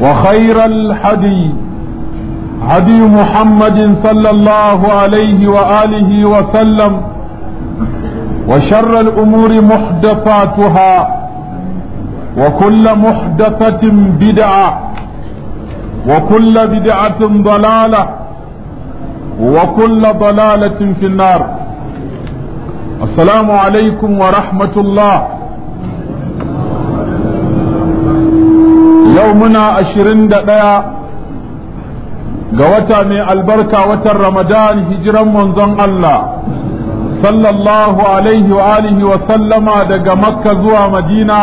وخير الحدي هدي محمد صلى الله عليه وآله وسلم وشر الأمور محدثاتها وكل محدثة بدعة وكل بدعة ضلالة وكل ضلالة في النار السلام عليكم ورحمة الله yau muna ashirin da ɗaya ga wata mai albarka watan ramadan hijiran manzon Allah sallallahu alaihi wa alihi wa sallama daga makka zuwa madina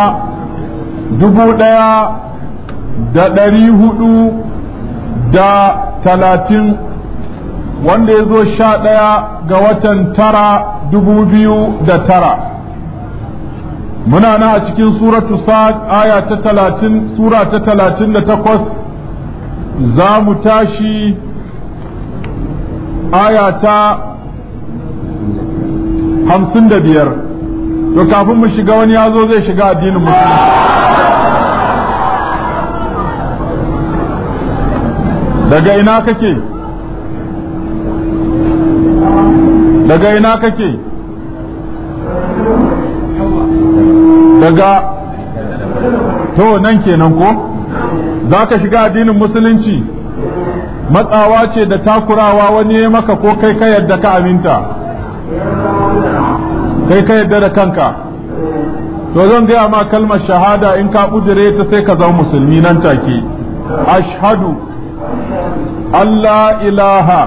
dubu ɗaya da ɗari hudu da talatin wanda ya zo sha ɗaya ga watan tara dubu biyu da tara muna na a cikin suratu sa'ad aya ta talatin sura ta talatin da takwas za mu tashi aya ta hamsin da biyar to kafin mu shiga wani ya zo zai shiga addinin musulunci daga ina kake daga ina kake daga to nan kenan ko za ka shiga addinin musulunci matsawa ce da takurawa wani ya maka ko kai ka yarda ka aminta kai ka yadda da kanka to zan gaya ma kalmar shahada in ka kudure ta sai ka zama musulmi nan take ashhadu Allah ilaha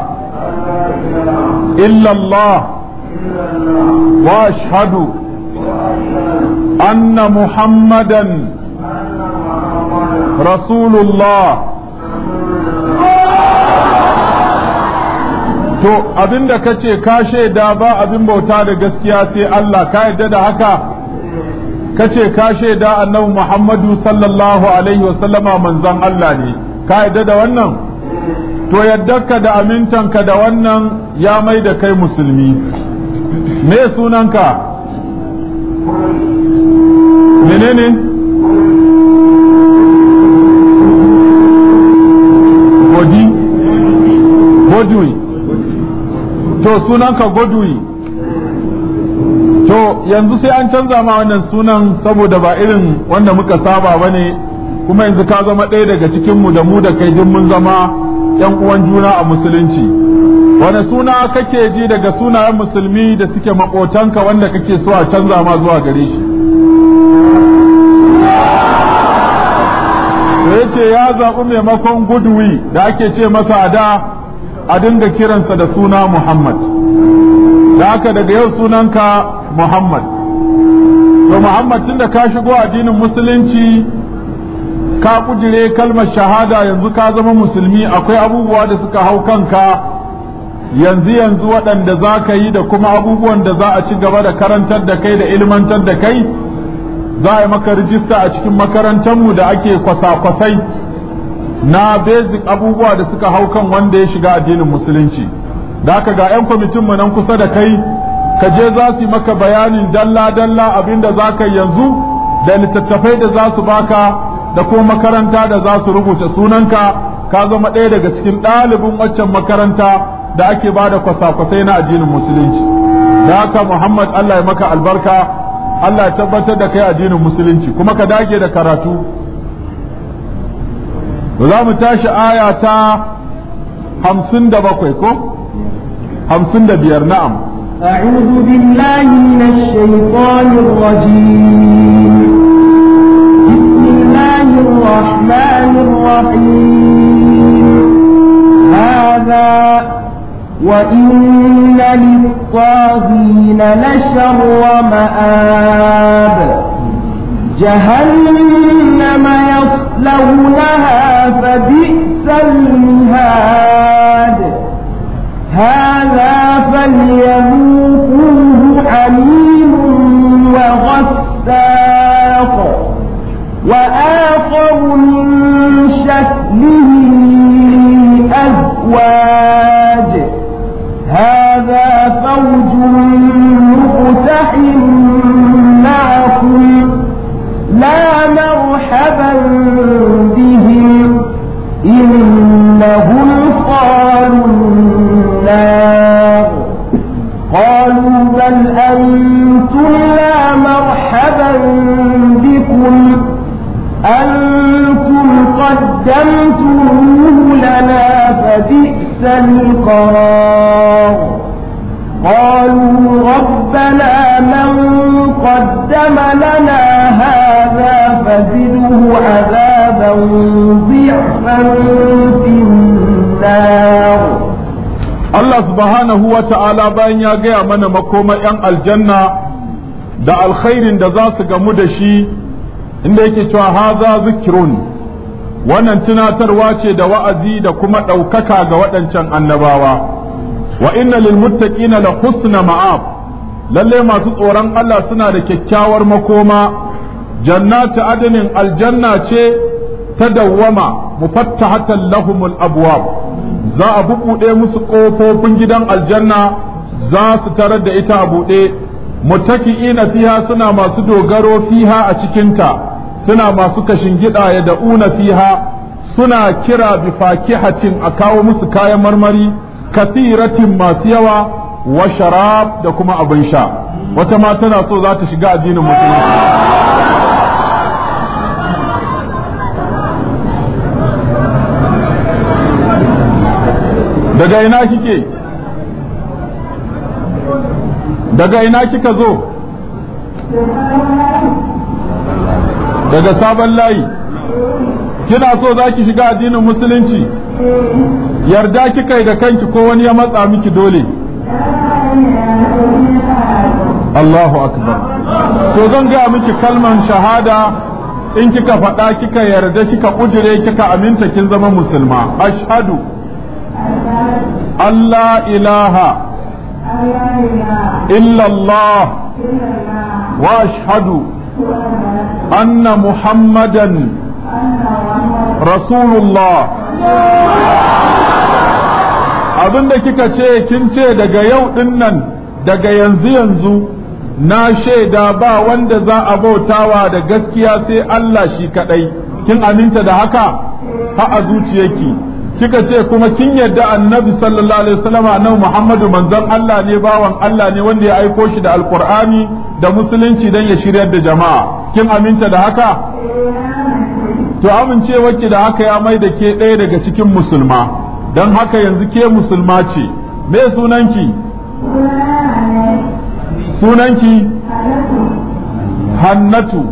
illallah wa ashhadu أن محمدا رسول الله to abin da ka ce ka shaida ba abin bauta da gaskiya sai Allah ka yadda da haka ka ce ka shaida annabi Muhammadu sallallahu alaihi wasallama manzon Allah ne ka yadda da wannan to yaddarka da amintanka da wannan ya mai da kai musulmi me sunanka menene godi godui to sunanka godui to yanzu sai an canza ma wannan sunan saboda ba irin wanda muka saba ba ne kuma yanzu ka zama ɗaya daga cikinmu da mu da kai duk mun zama 'yan uwan juna a musulunci wani suna kake ji daga sunayen musulmi da suke makotanka wanda kake so a canza ma zuwa gare shi sai ya ce ya zaɓi maimakon gudwi da ake ce masa a da a dinga kiransa da suna muhammad da aka daga yau sunanka muhammad Da muhammad tun da ka shigo addinin musulunci ka kujire kalmar shahada yanzu ka zama musulmi akwai abubuwa da suka hau kanka yanzu yanzu waɗanda za ka yi da kuma abubuwan da za a ci gaba da karantar da kai da ilmantar da kai za a yi maka rijista a cikin makarantarmu da ake kwasa-kwasai na basic abubuwa da suka hau kan wanda ya shiga addinin musulunci da aka ga 'yan kwamitinmu nan kusa da kai ka je za su yi maka bayanin dalla-dalla abin da za ka yanzu da littattafai da za su baka da kuma makaranta da za su rubuta sunanka ka zama ɗaya daga cikin ɗalibin waccan makaranta da ake ba da kwasa-kwasai na addinin musulunci da haka muhammad allah ya maka albarka allah ya tabbatar da kai addinin musulunci kuma ka dage da karatu za mu tashi aya ta hamsin da bakwai ko hamsin da biyar na'am الرحمن الرحيم هذا وإن للطاغين لشر مآب جهنم يصلونها فبئس المهاد هذا فليذوقوه حميم وغساق وآخر من شكله أزواج قدمتموه لنا فبئس القرار قالوا ربنا من قدم لنا هذا فزده عذابا ضعفا في النار Allah subhanahu wa ta'ala bayan ya gaya mana makoma ‘yan aljanna da alkhairin da za su gamu da shi inda yake cewa haza zikirun wannan tunatarwa ce da wa'azi da kuma ɗaukaka ga waɗancan annabawa wa inna lil muttaqina la husna ma'ab lalle masu tsoron Allah suna da kyakkyawar makoma jannatu adnin aljanna ce ta dawwama mufattahatan lahumul abwab za a buɗe musu ƙofofin gidan aljanna za su tarar da ita a buɗe muttaqina fiha suna masu dogaro fiha a cikinta suna masu kashin gida ya da'una fiha suna kira bi fakihatin a kawo musu kayan marmari kasiratin masu yawa wa sharab da kuma abin sha wata ma tana so za ta shiga addinin musulunci daga ina kike daga ina kika zo daga sabon layi kina so za ki shiga addinin musulunci yarda kika yi da kanki ko wani ya matsa miki dole Allahu akbar to zan gaya miki kalman shahada in kika faɗa kika yarda kika kujire kika aminta kin zama musulma ashhadu Allah ilaha illallah wa ashadu. أن muhammadan رسول abinda kika ce kin ce daga yau din nan daga yanzu yanzu na shaida ba wanda za a bautawa da gaskiya sai Allah shi kadai kin aminta da haka ha a zuciyarki kika ce kuma kin yadda annabi sallallahu alaihi wasallam annabi Muhammadu manzon Allah ne bawan Allah ne wanda ya aiko shi da alqur'ani da musulunci dan ya shiryar da jama'a kin aminta da haka to amincewarki da haka ya mai da ke ɗaya daga cikin musulma dan haka yanzu ke musulma ce me sunanki sunanki hannatu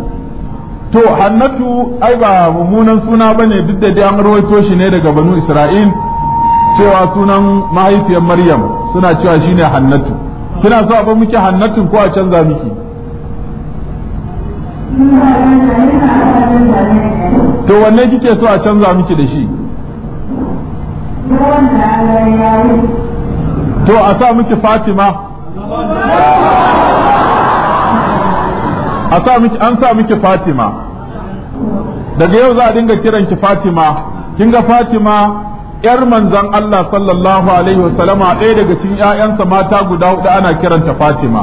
to hannatu ai ba mummunan suna bane duk da dai an rawaito shi ne daga banu isra'il cewa sunan mahaifiyar maryam suna cewa shine hannatu kina so a ba miki hannatu ko a canza miki to wanne kike so a canza miki da shi to a sa miki fatima a sa miki an sa miki Fatima daga yau za a dinga kiran ki Fatima kin ga Fatima yar manzon Allah sallallahu alaihi wasallama ɗaya daga cikin ƴaƴansa mata guda huɗu ana kiranta Fatima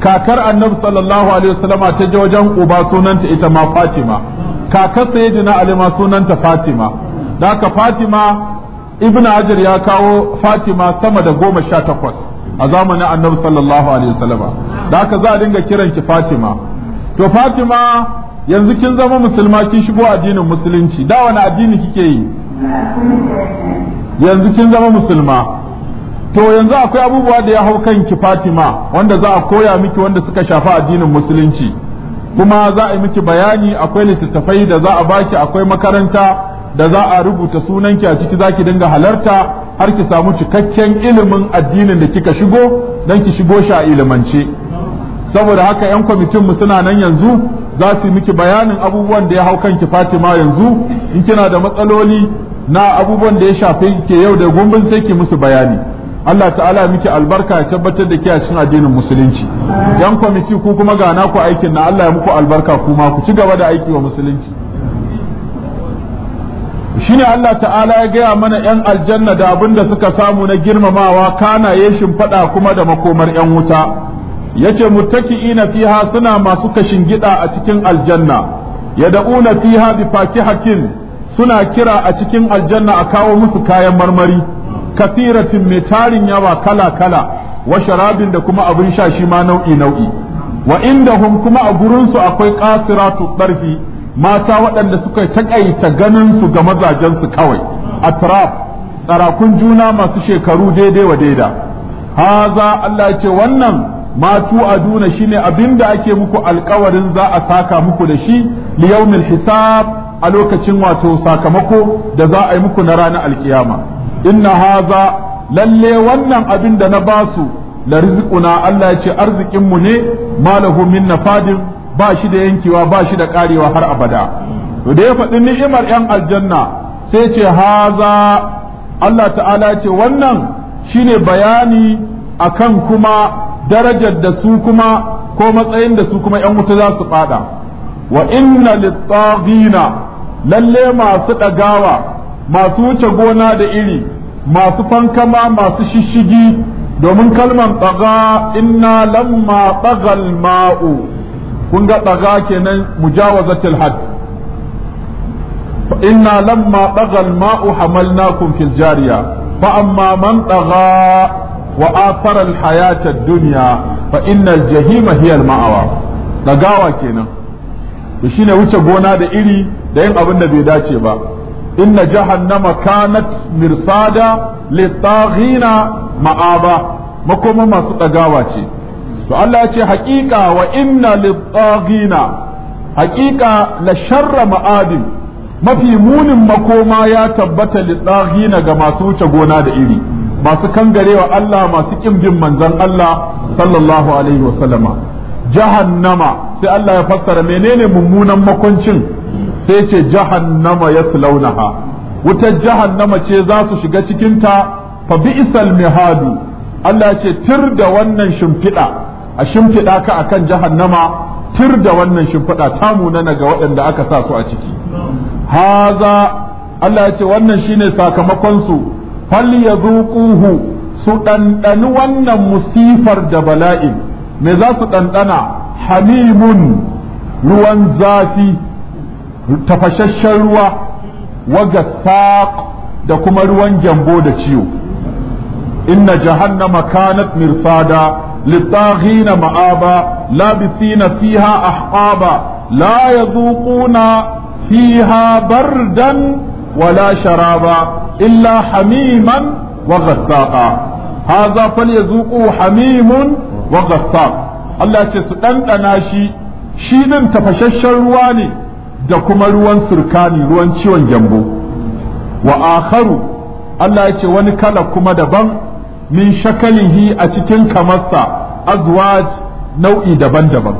kakar annabi sallallahu alaihi wasallama ta ji wajen uba sunanta ita ma Fatima kakar sayyidina Ali ma sunanta Fatima da haka Fatima Ibn Hajar ya kawo Fatima sama da goma sha takwas a zamanin annabi sallallahu alaihi wasallama da haka za a dinga kiranki Fatima to Fatima yanzu kin zama musulma kin shigo addinin musulunci da wani addini kike yi yanzu kin zama musulma to yanzu akwai abubuwa da ya hau kan ki Fatima wanda za a koya miki wanda suka shafi addinin musulunci kuma za a yi miki bayani akwai littattafai da za a baki akwai makaranta da za a rubuta sunanki a ciki zaki dinga halarta har ki samu cikakken ilimin addinin da kika shigo don ki shigo shi a ilimance saboda haka yan kwamitinmu suna nan yanzu za su miki bayanin abubuwan da ya hau kanki Fatima yanzu in kina da matsaloli na abubuwan da ya shafi ke yau da gumbin sai ki musu bayani Allah ta'ala miki albarka ya tabbatar da ke a cikin addinin musulunci yan kwamiti ku kuma ga naku aikin na Allah ya muku albarka kuma ku ci gaba da aiki wa musulunci shine Allah ta'ala ya gaya mana yan aljanna da abin da suka samu na girmamawa kana yeshin fada kuma da makomar yan wuta yace muttaki'ina fiha suna masu kashin gida a cikin aljanna yad'una fiha bi fakihatin suna kira a cikin aljanna a kawo musu kayan marmari kafiratin mai tarin yawa kala kala wa sharabin da kuma abin sha shi ma nau'i nau'i wa indahum kuma a gurinsu akwai qasiratu ɗarfi mata waɗanda suka taƙaita ganin su ga mazajensu kawai atraf tsarakun juna masu shekaru daidai wa daida haza Allah ce wannan ma aduna shine abinda ake muku alkawarin za a saka muku da shi yawmil hisab a lokacin wato sakamako da za a yi muku na ranar alkiyama inna haza lalle wannan abin da na basu la rizquna Allah ya ce arzikin mu ne malahu min nafadin ba shi da yankewa ba shi da karewa har abada to da ya faɗi ni'imar yan aljanna sai ce haza Allah ta'ala ya ce wannan shine bayani akan kuma darajar da su kuma ko matsayin da su kuma ‘yan wuta za su fada wa inna littagina lalle masu ɗagawa masu wuce gona da iri masu fankama masu shishigi domin kalman tsaga inna lamma tsagal ma'u kun ga tsaga kenan mujawazatil had inna lamma tsagal ma'u hamalnakum fil jariya fa amma man tsaga وآثر الحياة الدنيا فإن الجحيم هي المأوى دغاوا kenan to shine wuce gona da iri da yin abin da bai dace ba inna jihar na kanat mirsada litaghina ma'aba makoma masu dagawa ce to Allah ce haqiqa wa inna litaghina haqiqa la sharra ma'adin mafi munin makoma ya tabbata litaghina ga masu wuce gona da iri masu kangarewa Allah masu kin bin manzon Allah sallallahu alaihi wasallama jahannama sai Allah ya fassara menene mummunan makoncin sai ce jahannama yaslaunaha wutar jahannama ce za su shiga cikinta fa bi'sal mihadu Allah ce tir da wannan shimfiɗa a shimfiɗa ka akan jahannama tir da wannan shimfiɗa tamuna na ga waɗanda aka sa su a ciki haza Allah ya ce wannan shine sakamakon su falyadhuquhu su ɗanɗani wannan musifar da bala'in me za su ɗanɗana hamimun ruwan zafi tafashashen ruwa waga da kuma ruwan gyambo da ciwo inna jahannama kanat mirsada للطاغين مآبا لابثين فيها أحقابا لا يذوقون فيها بردا Wala ولا شرابا إلا حميما وغساقا هذا Hamimun حميم وغساق ce su دناشي shi din tafasasshen ruwa ne da kuma ruwan surkani ruwan ciwon gyambo wa akharu Allah ce wani kala kuma daban min shakalihi a cikin kamarsa azwaj nau'i daban-daban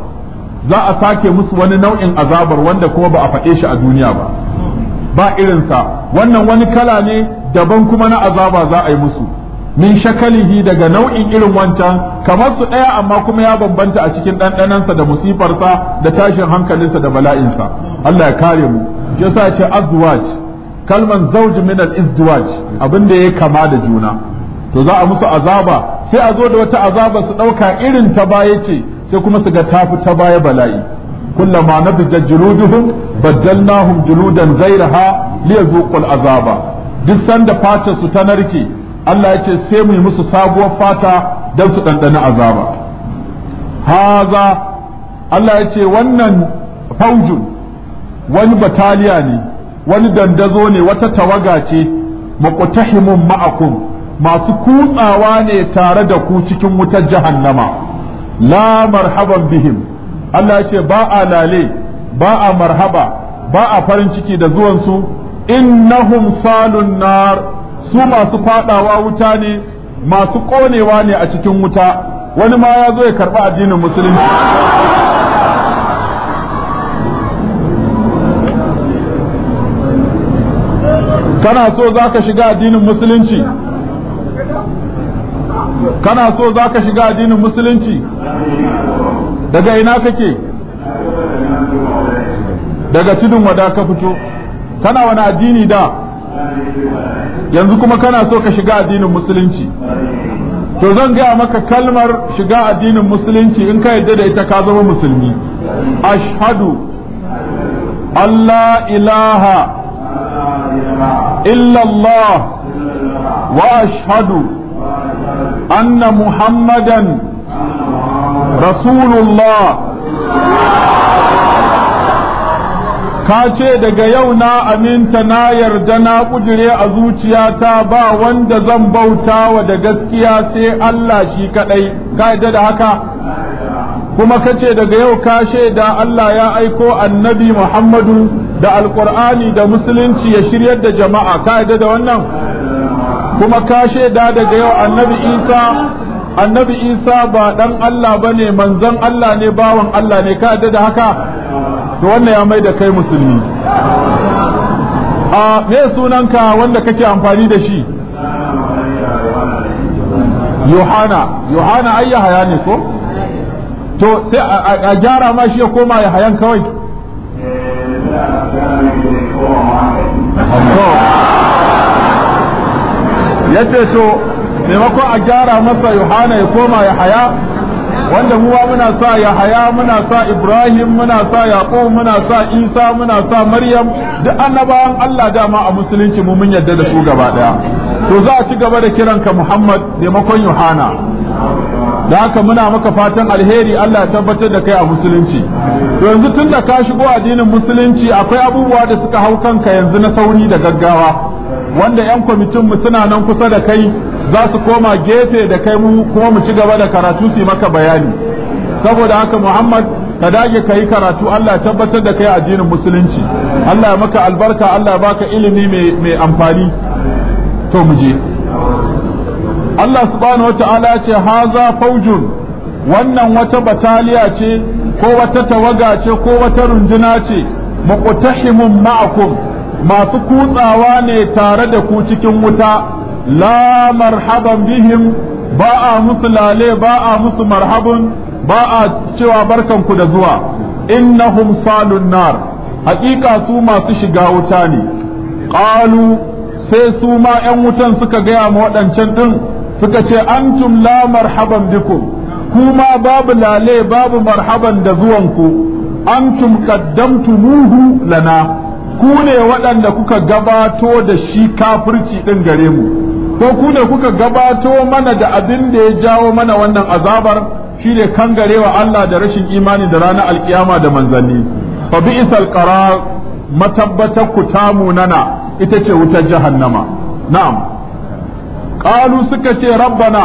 za a sake musu wani nau'in azabar wanda kuma ba a faɗe shi a duniya ba ba irinsa wannan wani kala ne daban kuma na azaba za a yi musu min shakalihi daga nau'in irin wancan kamar su ɗaya amma kuma ya bambanta a cikin ɗanɗanansa da sa, da tashin hankalinsa da bala'insa Allah ya kare mu ya sa ce azwaj kalman zawj min al izdiwaj abin da ya kama da juna to za a musu azaba sai a zo da wata azaba su ɗauka irin ta baya ce sai kuma su ga tafi ta baya bala'i kullama nadijat juluduhum baddalnahum juludan ghayraha liyazuqul azaba duk sanda fatar su ta narke Allah ya sai mu yi musu sabuwar fata dan su dandana azaba haza Allah ya wannan faujun wani bataliya ne wani dandazo ne wata tawaga ce muqtahimun ma'akum masu kutsawa ne tare da ku cikin wutar jahannama la marhaban bihim Allah ya ce ba a lale ba a marhaba ba a farin ciki da zuwansu innahum salun nar su masu fadawa wuta ne masu konewa ne a cikin wuta wani ma ya zo ya karba addinin musulunci kana so za ka shiga addinin musulunci kana so za ka shiga addinin musulunci daga ina kake daga tudun wada ka fito kana wani addini da yanzu kuma kana so ka shiga addinin musulunci to zan gaya maka kalmar shiga addinin musulunci in ka yadda da ita ka zama musulmi ashhadu Allah ilaha illallah wa ashhadu anna muhammadan rasulullah ka ce daga yau na aminta na yarda na kujire a zuciyata ba wanda zan bauta wa da gaskiya sai Allah shi kadai ka yarda da haka kuma ka ce daga yau ka da Allah ya aiko annabi Muhammadu da alkur'ani da musulunci ya shiryar da jama'a ka yarda da wannan kuma ka da daga yau annabi Isa annabi Isa ba dan Allah bane manzon Allah ne bawan Allah ne ka yarda da haka to wannan ya mai da kai musulmi a me sunanka wanda kake amfani da shi yohana yohana ai haya ne ko to sai a gyara ma shi ya koma ya hayan kawai ya ce to maimakon a gyara masa yohana ya koma ya haya. wanda muwa muna sa Yahaya muna sa Ibrahim muna sa Yaqub muna sa Isa muna sa Maryam duk annabawan Allah dama a musulunci mu mun yarda da su gaba daya to za a ci gaba da kiranka Muhammad makon Yohana da haka muna maka fatan alheri Allah ya tabbatar da kai a musulunci to yanzu tun da ka shigo addinin musulunci akwai abubuwa da suka hau kanka yanzu na sauri da gaggawa wanda 'yan kwamitin mu suna nan kusa da kai za su koma gefe da kai mu kuma mu ci gaba da karatu su maka bayani saboda haka Muhammad ka dage ka yi karatu Allah tabbatar da kai addinin musulunci Allah ya maka albarka Allah ya baka ilimi mai amfani to mu je Allah subhanahu wata ya ce haza faujun wannan wata bataliya ce ko wata tawaga ce ko wata runduna ce muqtahimun ma'akum masu kutsawa ne tare da ku cikin wuta la marhaban bihim ba a musu lale ba a musu marhabun ba a cewa barkanku da zuwa Inna salun nar haƙiƙa su masu shiga wuta ne Ƙalu sai su ma 'yan wutan suka gaya ma waɗancan ɗin suka ce antum la marhaban bikum kuma babu lale babu marhaban da zuwanku antum huhu lana ku ne waɗanda kuka gabato da shi kafirci ɗin gare mu ko ku ne kuka gabato mana da abin da ya jawo mana wannan azabar shi ne kangarewa Allah da rashin imani da ranar alkiyama da manzanni fa bi isal qarar matabbatar ku tamu nana ita ce wutar jahannama na'am qalu suka ce rabbana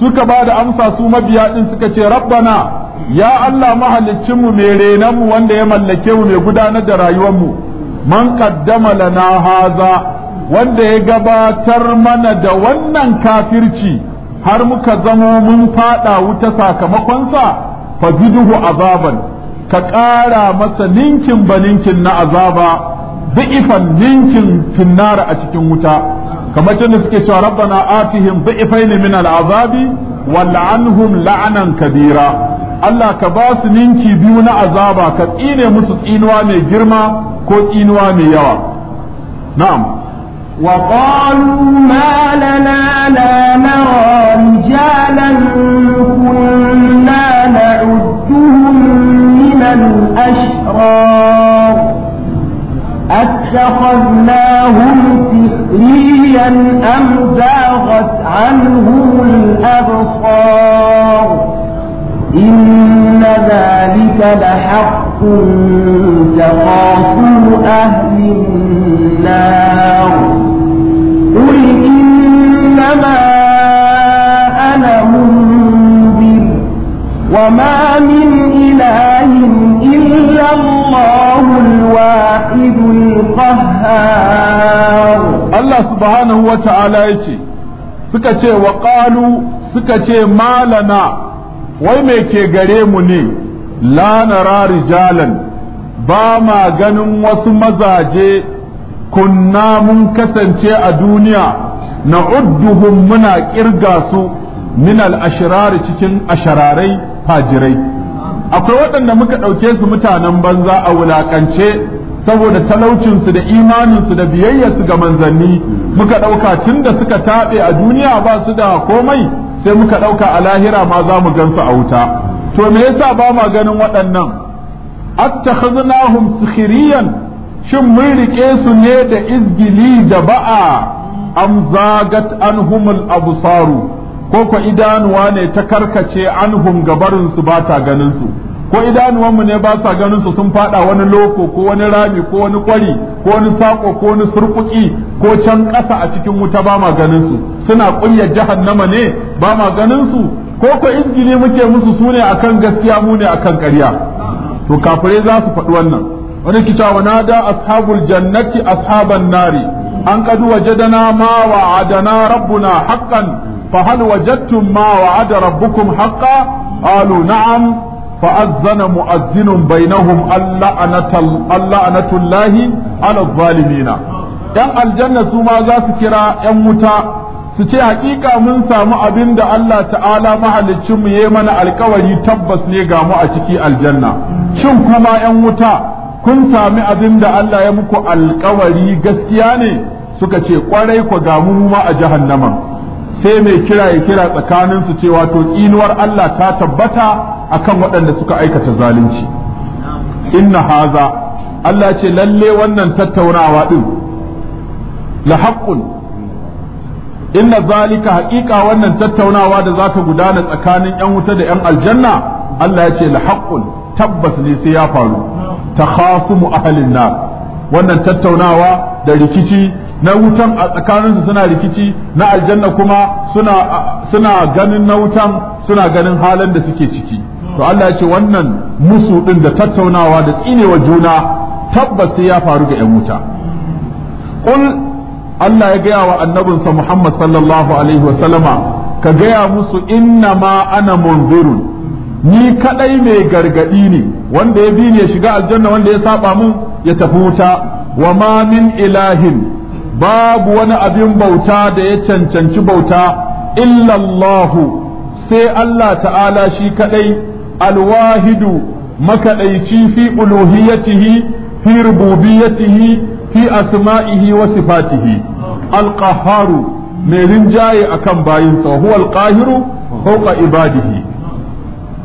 suka bada amsa su mabiya din suka ce rabbana ya Allah mu mai renan mu wanda ya mallake mu mai gudanar da rayuwar mu? man qaddama lana haza wanda ya gabatar mana da wannan kafirci har muka zamo mun fada wuta sakamakonsa fajiduhu azaban ka ƙara masa ninkin baninkin na azaba bi'ifan ninkin finnara a cikin wuta kamar da suke cewa rabbana atihim bi'ifaini min al'azabi anhum la'anan kabira Allah ka ba su ninki biyu na azaba ka tsine musu tsinuwa mai girma ko inuwa mai yawa na'am wa qalu ma lana la nara rijalan kunna na'udduhum min al-ashrar أتخذناهم سخريا أم زاغت عنهم الأبصار إن ذلك لحق كنت تخافوا أهل النار قل إنما أنا منذر وما من إله إلا الله الواحد القهار الله سبحانه وتعالى يتي suka ce wa suka ce malana wai me ke gare mu ne la nara rijalan ba ma ganin wasu mazaje kunna mun kasance a duniya na udduhum muna kirga su min al cikin ashararai fajirai akwai waɗanda muka ɗauke su mutanen banza a wulaƙance saboda talaucinsu da imaninsu da biyayyarsu ga manzanni muka ɗauka tun da suka taɓe a duniya ba su da komai sai muka ɗauka a lahira ma za mu gansu a wuta to me yasa ba ma ganin waɗannan attakhadnahum sukhriyan shin mun rike su ne da izgili da ba'a am zagat anhum al-absaru ko ko idanuwa ne ta karkace anhum gabarin su ba ta ganin su ko idanuwanmu ne ba sa ganin su sun fada wani loko ko wani rami ko wani kwari ko wani sako ko wani surkuki ko can ƙasa a cikin wuta ba ma ganin su suna kunya jahannama ne ba ma ganin su ko ko injili muke musu su ne akan gaskiya mu ne akan ƙarya to kafirai za su faɗi wannan wani kita wa nada ashabul jannati ashaban nari an qad wajadana ma wa'adana rabbuna haqqan fa hal wajadtum ma wa'ada rabbukum haqqan qalu na'am فأذن مؤذن بينهم اللعنة اللعنة الله على الظالمين ‘yan aljanna su ma za su kira ‘yan wuta su ce hakika mun samu abin da Allah ta'ala mahaliccinmu ya yi mana alkawari tabbas ne ga mu a ciki aljanna shin kuma yan wuta kun sami abin da Allah ya muku alkawari gaskiya ne suka ce kwarai ku ga mu ma a jahannama sai mai kira ya kira tsakanin su ce wato tsinuwar Allah ta tabbata akan waɗanda suka aikata zalunci inna haza Allah ce lalle wannan tattaunawa din la haqqun inna zalika haqiqa wannan tattaunawa da zaka gudana tsakanin yan wuta da yan aljanna Allah ya ce la haqqun tabbas ne sai ya faru takhasumu ahlin nar wannan tattaunawa da rikici na wutan a tsakaninsu suna rikici na aljanna kuma suna suna ganin na wutan suna ganin halin da suke ciki to Allah ya ce wannan musu din da tattaunawa da tsinewa juna tabbas sai ya faru ga yan wuta Allah ya gaya wa annabinsa Muhammad sallallahu alaihi wa ka gaya musu inna ma ana munzirun ni kadai mai gargadi ne wanda ya bi ne shiga aljanna wanda ya saba mun ya tafi wuta wa ma min ilahin babu wani abin bauta da ya cancanci bauta illallahu sai Allah ta'ala shi kadai alwahidu makaɗaici fi uluhiyatihi fi rububiyatihi في أسمائه وصفاته القهار ميرن جاي أكم باين هو القاهر فوق عباده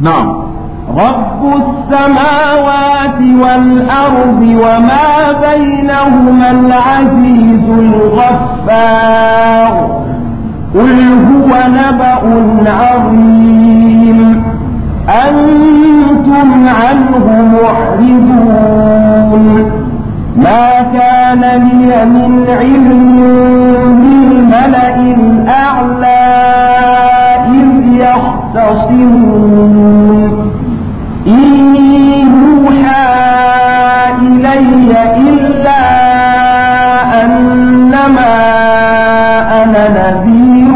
نعم رب السماوات والأرض وما بينهما العزيز الغفار قل هو نبأ عظيم أنتم عنه معرضون ما كان لي من علم بالملأ الأعلى إذ يختصمون إن يوحى إلي إلا أنما أنا نذير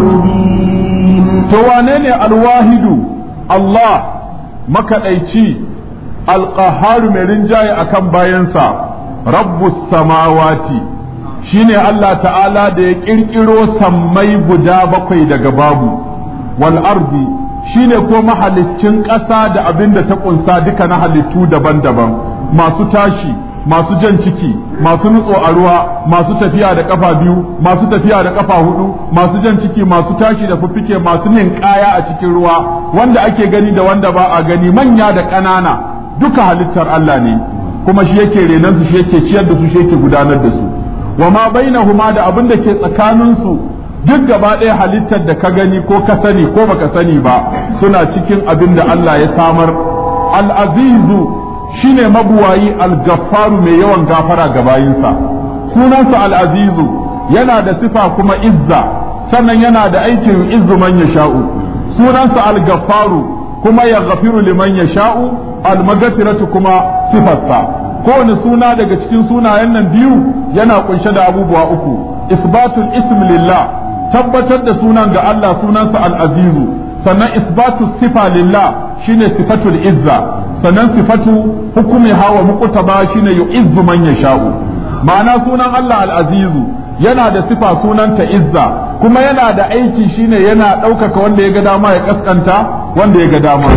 مبين توانيني الواحد الله مكأيتي alqaharu mai rinjaye akan bayansa rabbu samawati shine Allah ta'ala da ya ƙirƙiro sammai guda bakwai daga babu wal ardi shine ko mahaliccin ƙasa da abin da ta ƙunsa duka na halittu daban-daban masu tashi masu jan ciki masu nutso a ruwa masu tafiya da ƙafa biyu masu tafiya da ƙafa hudu masu jan ciki masu tashi da fuffike, masu ninƙaya a cikin ruwa wanda ake gani da wanda ba a gani manya da ƙanana duka halittar Allah ne kuma shi yake renan su shi yake ciyar da su shi yake gudanar da su wa ma bainahuma da abin da ke tsakanin su duk gaba ɗaya halittar da ka gani ko ka sani ko baka sani ba suna cikin abin da Allah ya samar al-azizu shine mabuwayi al-gaffaru mai yawan gafara ga bayinsa sunansa al-azizu yana da sifa kuma izza sannan yana da aikin izzu man yasha'u sunansa al-gaffaru kuma ya gafiru liman yasha'u almagatiratu kuma sifarsa kowane suna daga cikin sunayen nan biyu yana kunshe da abubuwa uku isbatul ism lillah tabbatar da sunan ga Allah sunansa al'azizu sannan isbatu sifa lillah shine sifatul izza sannan sifatu hukumi hawa muqtaba shine yu'izzu man yasha'u ma'ana sunan Allah al'azizu yana da sifa sunanta izza kuma yana da aiki shine yana ɗaukaka wanda ya ga dama ya kaskanta wanda ya ga dama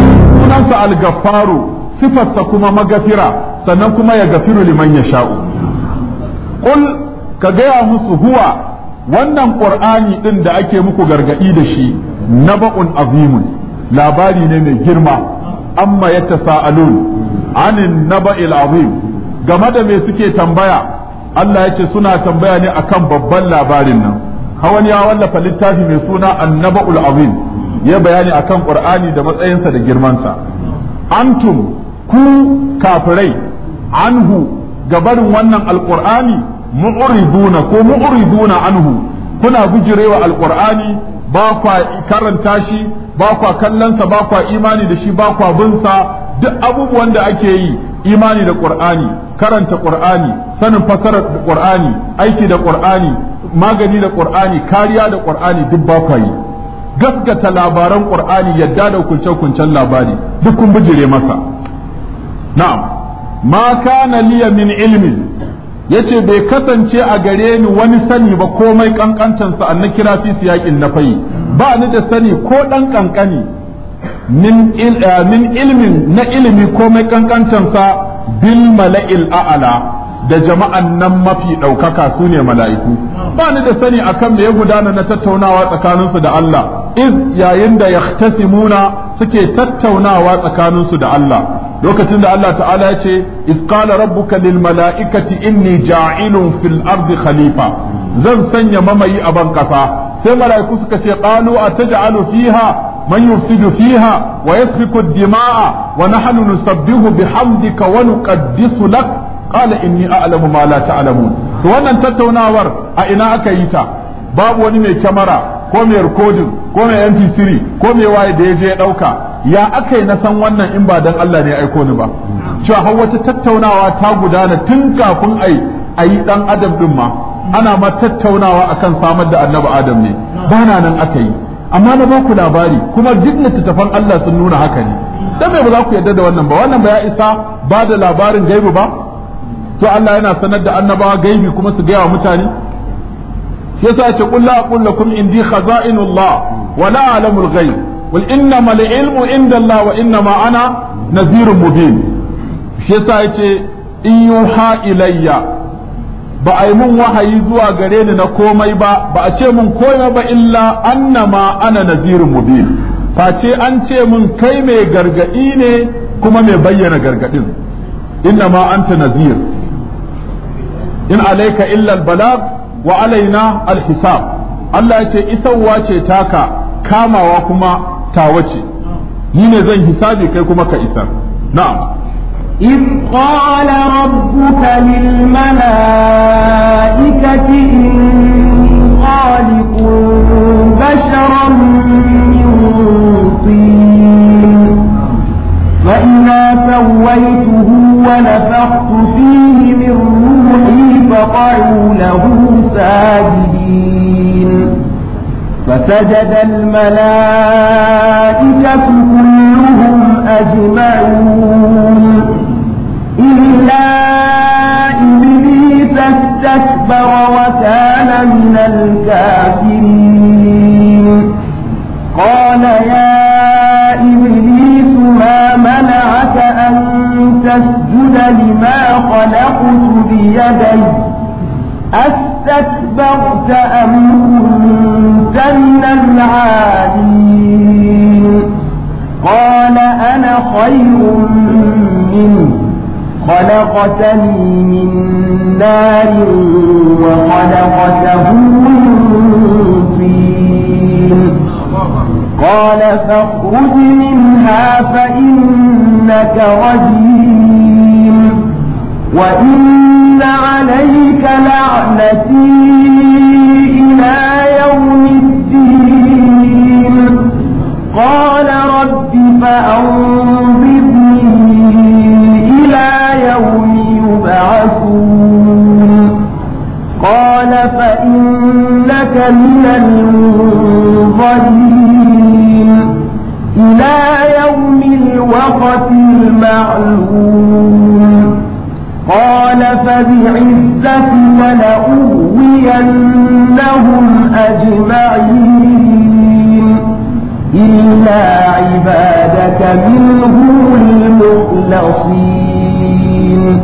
sunansa al-gaffaru sifarsa kuma magafira sannan kuma ya gafiru liman ya sha'u ƙul ka gaya musu huwa wannan qur'ani ɗin da ake muku gargadi da shi naba'un azimun labari ne mai girma amma yatasaalun anin naba'il azim game da me suke tambaya Allah ya ce suna tambaya ne akan babban labarin nan hawan ya wallafa littafi mai suna annaba'ul azim ya bayani akan qur'ani da matsayinsa da girmansa antum ku kafirai anhu gabarin wannan alqur'ani mu'riduna ko mu'riduna anhu kuna bujurewa alqur'ani ba kwa karanta shi ba kwa kallonsa ba kwa imani da shi ba kwa binsa duk abubuwan da ake yi imani da qur'ani karanta qur'ani sanin fasarar da qur'ani aiki da qur'ani magani da qur'ani kariya da qur'ani duk ba kwa yi gaskata labaran qur'ani yadda da kunce kuncen labari duk kun bijire masa na'am ma kana liya min ilmin yace bai kasance a gare ni wani sani ba komai ƙanƙantansa, a na kira fi siyakin na fayi ba ni da sani ko dan kankani min eh, min ilmin na ilimi komai ƙanƙantansa bil mala'il a'ala da jama'an nan mafi ɗaukaka su ne mala'iku ba ni da sani akan da ya gudana na tattaunawa tsakaninsu da Allah iz yayin da yahtasimuna suke tattaunawa tsakaninsu da Allah lokacin da Allah ta'ala ya ce iz rabbuka lil mala'ikati inni ja'ilun fil ardi khalifa zan sanya mamayi a ban kasa sai mala'iku suka ce qalu ataj'alu fiha man yufsidu fiha wa yasfiku dima'a wa nahnu nusabbihu bihamdika wa nuqaddisu lak qala inni a'lamu ma la ta'lamun to wannan tattaunawar a ina aka yi ta babu wani mai kyamara ko mai rikodin ko mai mp3 ko mai waye da ya je ya ɗauka ya aka yi na san wannan in ba dan Allah ne ya aiko ni ba cewa har wata tattaunawa ta gudana tun kafin ai a yi adam ɗin ma ana ma tattaunawa akan samar da annabi adam ne ba na nan aka yi amma na baku labari kuma duk littattafan Allah sun nuna haka ne dan me ba za ku yarda da wannan ba wannan ba ya isa ba da labarin gaibi ba to Allah yana sanar da annabawa gaibi kuma su gaya wa mutane yasa ce qul la aqul lakum indi khaza'inullah wa la a'lamul ghaib wal innama al ilmu inda Allah wa innama ana nazirun mubin shi yasa yace in yuha ilayya ba a yi mun wahayi zuwa gare ni na komai ba ba a ce mun komai ba illa annama ana nazirun mubin face an ce mun kai mai gargadi ne kuma mai bayyana gargadin innama anta nazir in alayka illa al balagh wa alaina alhisab Allah ya ce isarwa ce taka kamawa kuma tawa ce ni ne zan hisabi kai kuma ka isar na'am إذ قال ربك للملائكة إن خالق بشرا من طين فإذا سويته ونفخت فيه من روحي فقعوا له ساجدين فسجد الملائكة كلهم أجمعون إلا إبليس استكبر وكان من الكافرين قال يا إبليس ما منعك أن تسجد أسجد لما خلقت بيدي أستكبرت أم كنت من العالين قال أنا خير منه خلقتني من نار وخلقته من طين قال فاخرج منها فإنك رجيم وإن عليك لعنتي إلى يوم الدين قال رب فأنظرني إلى يوم يبعثون قال فإنك من المنظرين إلى يوم الوقت المعلوم قال فبعزة ولأغوينهم أجمعين إلا عبادك منهم المخلصين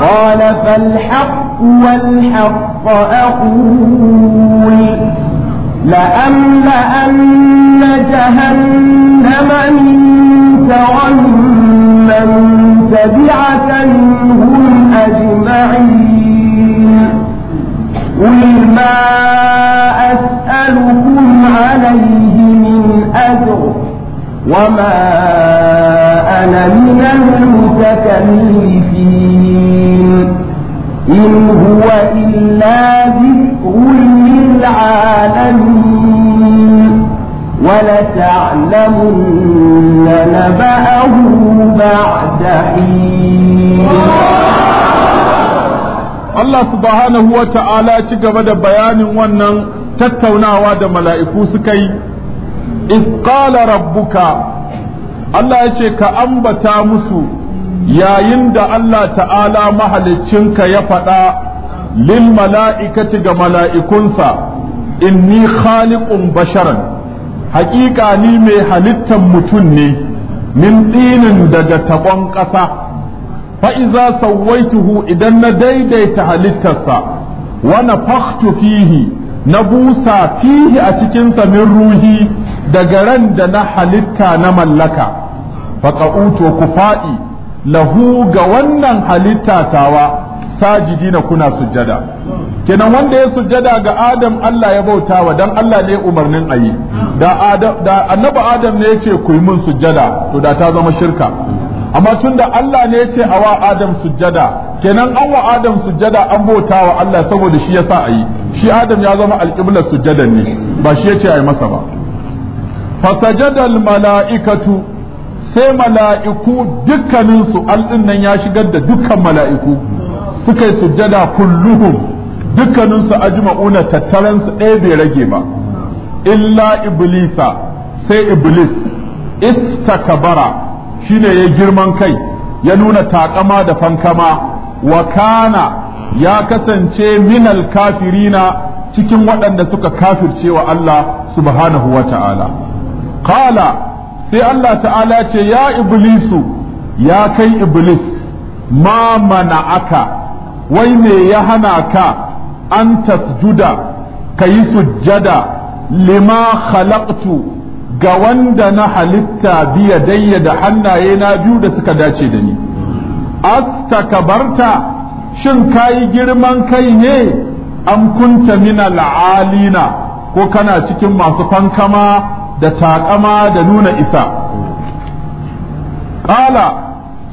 قال فالحق والحق أقول لأملأن جهنم منك ومن ومن تبعة منهم أجمعين قل ما أسألكم عليه من أجر وما أنا من المتكلفين إن هو إلا ذكر للعالمين ولتعلمن نبأه بعد حين Allah subhanahu wa ta'ala ci gaba da bayanin wannan tattaunawa da mala'iku suka yi, Isƙala rabbuka, Allah ya ce ka ambata musu yayin da Allah ta'ala ka ya faɗa lil mala'ikaci ga mala'ikunsa, inni khaliqun basharan. haƙiƙa ni mai halittar mutum ne min tsinin daga taɓon ƙasa fa'iza sauwaituhu idan na daidaita halittarsa wani faktu fihi na busa fihi a cikinsa min ruhi daga ran da na halitta na mallaka faƙa'uto ku faɗi lahu ga wannan halitta tawa sajidina kuna sujjada kenan wanda ya sujjada ga Adam Allah ya bautawa wa dan Allah ne umarnin ayi da Adam da annabi Adam ne yace ku yi mun sujjada to da ta zama shirka amma tunda Allah ne yace awa Adam sujjada kenan an wa Adam sujjada an bauta wa Allah saboda shi yasa ayi shi Adam ya zama alqiblar sujjadan ne ba shi yace ayi masa ba fasajadal mala'ikatu sai mala'iku dukkaninsu al'in nan ya shigar da dukkan mala'iku suka yi sujjada kulluhum dukkaninsu ajma'una tattaran su ɗaya bai rage ba illa iblisa sai iblis istakbara shine ya girman kai ya nuna takama da fankama wa kana ya kasance minal kafirina cikin waɗanda suka kafirce wa Allah subhanahu wa ta'ala qala sai Allah ta'ala ce ya iblisu ya kai iblis ma aka. wai me ya hana ka an tasjuda ka yi sujjada lima khalaqtu ga wanda na halitta biya dayya da hannaye na biyu da suka dace da ni astakabarta shin kayi girman kai ne am kunta min al'alina ko kana cikin masu fankama da takama da nuna isa qala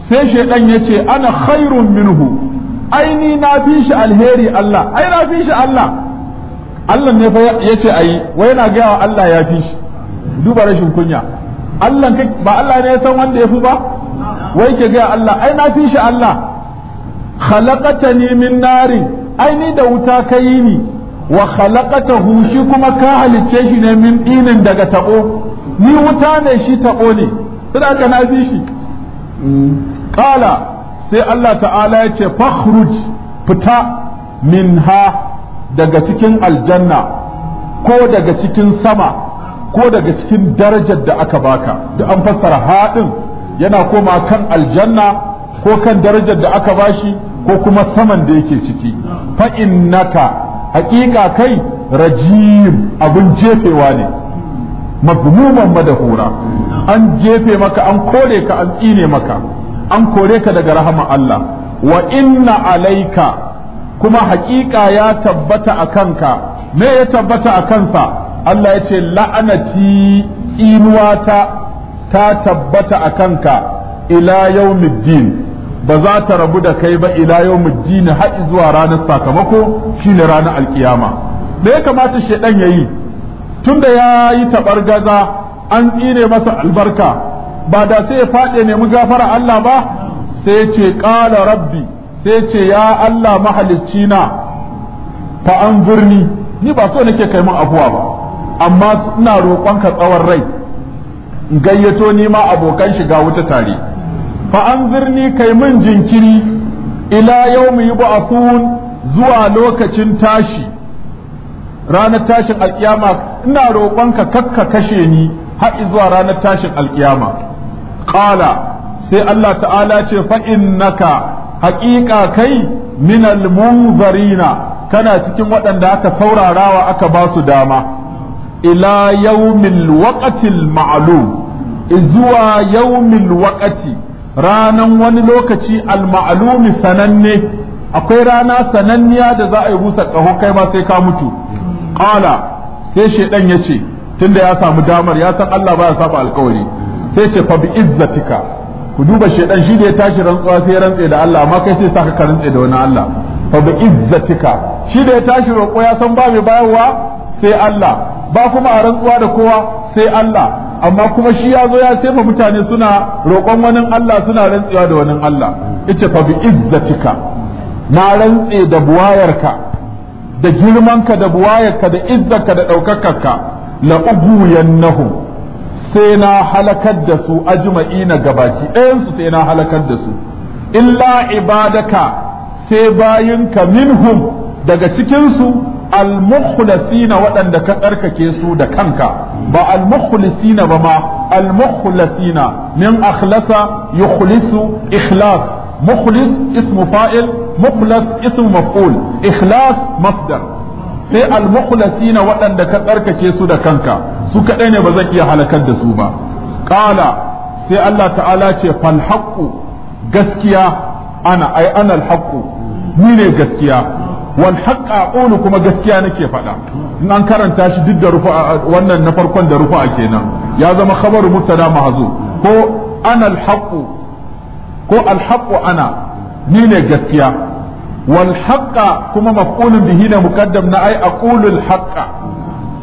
sai shaidan yace ana khairun minhu Aini na fi shi alheri Allah ai na fi shi Allah Allah ne fa yace ai wai yana ga wa Allah ya fi shi duba rashin kunya Allah ba Allah ne ya san wanda ya fi ba wai ke ga Allah ai na fi shi Allah khalaqatani min nari Aini da wuta kai ni wa khalaqatahu shi kuma ka halicce shi ne min dinin daga tabo ni wuta ne shi tabo ne sai aka na fi shi qala sai Allah ta'ala ya ce fakhruj fita minha daga cikin aljanna ko daga cikin sama ko daga cikin darajar da aka baka da an fassara haɗin yana koma kan aljanna ko kan darajar da aka bashi ko kuma saman da yake ciki fa innaka haƙiƙa kai rajim abin jefewa ne mazmuman madahura an jefe maka an kore ka an tsine maka an kore ka daga rahama Allah wa inna alaika kuma haƙiƙa ya tabbata a kanka me ya tabbata a kansa Allah ya ce la'anati inuwata ta tabbata a kanka ila yaumiddin ba za ta rabu da kai ba ila yaumiddin har zuwa ranar sakamako shine ranar alkiyama me ya kamata shedan yayi tunda ya yi taɓar an tsire masa albarka ba da sai ya faɗi nemi gafara Allah ba sai ce ƙala rabbi sai ce ya Allah mahalicci na fa an birni ni ba so nake kai mun afuwa ba amma ina roƙonka tsawon rai in gayyato ni ma abokan shiga wuta tare fa an birni kai mun jinkiri ila yawmi yub'athun zuwa lokacin tashi ranar tashin alkiyama ina roƙonka kakka kashe ni har zuwa ranar tashin alkiyama qala sai Allah ta'ala ce fa innaka haƙiƙa kai minal munzarina kana cikin waɗanda aka saurarawa aka ba su dama ila yaumil waqatil ma'lum izuwa yaumil waqati ranan wani lokaci al sananne akwai rana sananniya da za a yi busa ƙaho kai ma sai ka mutu qala sai shedan yace tunda ya samu damar ya san Allah baya saba alƙawari sai ce fa bi izzatika ku duba shedan shi da ya tashi rantsuwa sai ya da Allah amma kai sai saka ka rantsa da wani Allah fa bi izzatika shi da ya tashi roƙo ya san ba mai bayarwa sai Allah ba kuma a rantsuwa da kowa sai Allah amma kuma shi ya zo ya taifa mutane suna roƙon wani Allah suna rantsuwa da wani Allah ita fa bi izzatika na rantse da buwayarka da girmanka da buwayarka da izzarka da ka la uguyannahum sai na halakar da su na gabaci ɗayan su sai na halakar da su illa ibadaka sai bayinka minhum daga cikin su almukhlasina waɗanda ka tsarkake su da kanka ba almukhlasina ba ma almukhlasina min akhlasa yukhlisu ikhlas mukhlis ismu fa'il mukhlas ismu maf'ul ikhlas masdar sai al na waɗanda ka tsarkake su da kanka su kaɗai ne ba zan iya halakar da su ba Ƙala sai Allah ta'ala ce fal haqqu gaskiya ana ai ana al-haqqu ni ne gaskiya wal haqqa aqulu kuma gaskiya nake faɗa in an karanta shi duk da rufa wannan na farkon da rufa kenan ya zama khabaru mubtada mahzu ko ana al-haqqu ko al-haqqu ana ni ne gaskiya wal kuma maf'ulun bihi na muqaddam na ai aqulul haqqa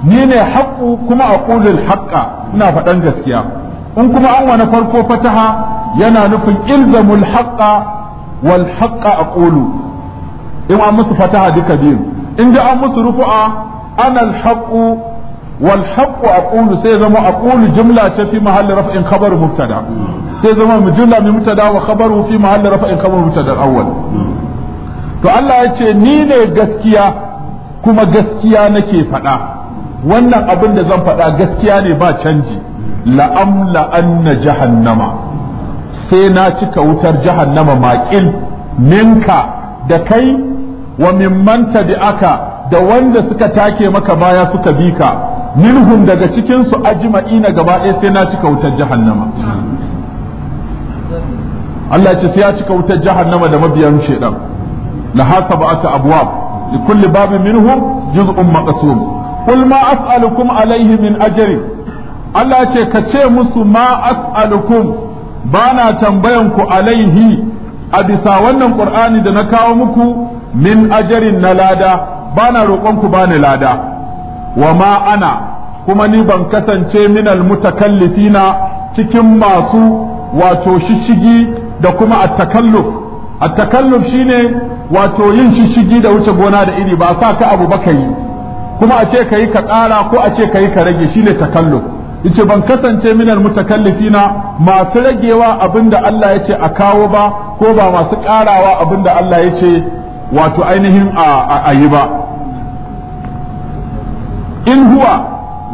ni ne haqqu kuma aqulul haqqa ina faɗan gaskiya in kuma an wani farko fataha yana nufin ilzamul haqqa wal haqqa in an musu fataha duka biyu in da an musu rufu'a ana al haqqu wal sai zama aqulu jumla ce fi mahalli raf'in khabar mubtada sai zama mu jumla mai mubtada wa khabaru fi mahalli raf'in khabar mubtada awwal to Allah ya ce ni ne gaskiya kuma gaskiya nake faɗa wannan abin da zan faɗa gaskiya ne ba canji la'amla anna jahannama sai na cika wutar jahannama maƙil minka da kai wa mimman aka da wanda suka take maka baya suka bi ka minhum daga cikin su ajma'ina gaba ɗaya sai na cika wutar jahannama Allah ya ce sai ya cika wutar jahannama da mabiyan shedan laha sab'atu abwab likulli babin minhum juz'un maqsum qul ma as'alukum alayhi min ajri Allah ce ka ce musu ma as'alukum bana tambayan ku alaihi a bisa wannan qur'ani da na kawo muku min ajarin na lada bana roƙon ku bani lada wa ma kuma ni ban kasance minal mutakallifina cikin masu wato shishigi da kuma attakalluf attakalluf shine wato yin shishigi da wuce gona da iri ba sa ka abu ba ka yi kuma a ce ka yi ka ƙara ko a ce ka yi ka rage shine takalluf yace ban kasance minal mutakallifina masu ragewa abinda Allah yace a kawo ba ko ba masu ƙarawa abinda Allah yace wato ainihin a yi ba in huwa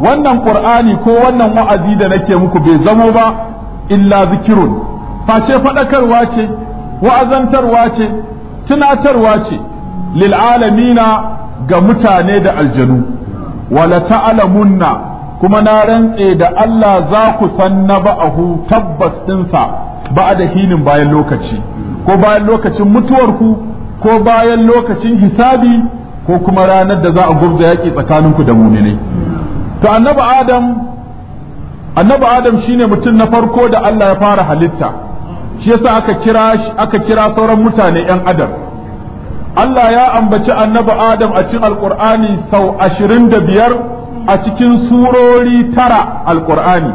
wannan qur'ani ko wannan wa'azi da nake muku bai zamo ba illa zikirun face faɗakarwa ce wa'azantarwa ce tunatarwa ce lil'alamina ga mutane da aljanu wala ta'lamunna kuma na rantse da Allah za ku san na ba'ahu tabbas ɗinsa ba da hinin bayan lokaci ko bayan lokacin mutuwarku ko bayan lokacin hisabi ko kuma ranar da za a gurza yaƙi tsakaninku da muminai to annabi adam annabi adam shine mutum na farko da Allah ya fara halitta shi yasa aka kira aka kira sauran mutane yan adam Allah ya ambaci annabi Adam a cikin Alƙur'ani sau ashirin da biyar a cikin surori tara Alƙur'ani.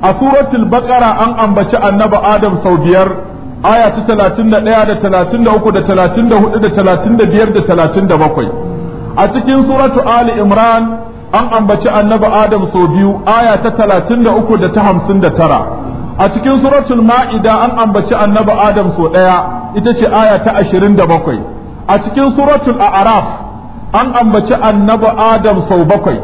A suratul baqara an ambaci annabi Adam sau biyar aya ta talatin da ɗaya da talatin da uku da talatin da hudu da talatin da biyar da talatin da bakwai. A cikin suratu Ali Imran an ambaci annabi Adam sau biyu aya ta talatin da uku da ta hamsin da tara. a cikin suratul ma'ida an ambaci annabi adam so daya ita ce aya ta 27 a cikin suratul a'raf an ambaci annabi adam sau bakwai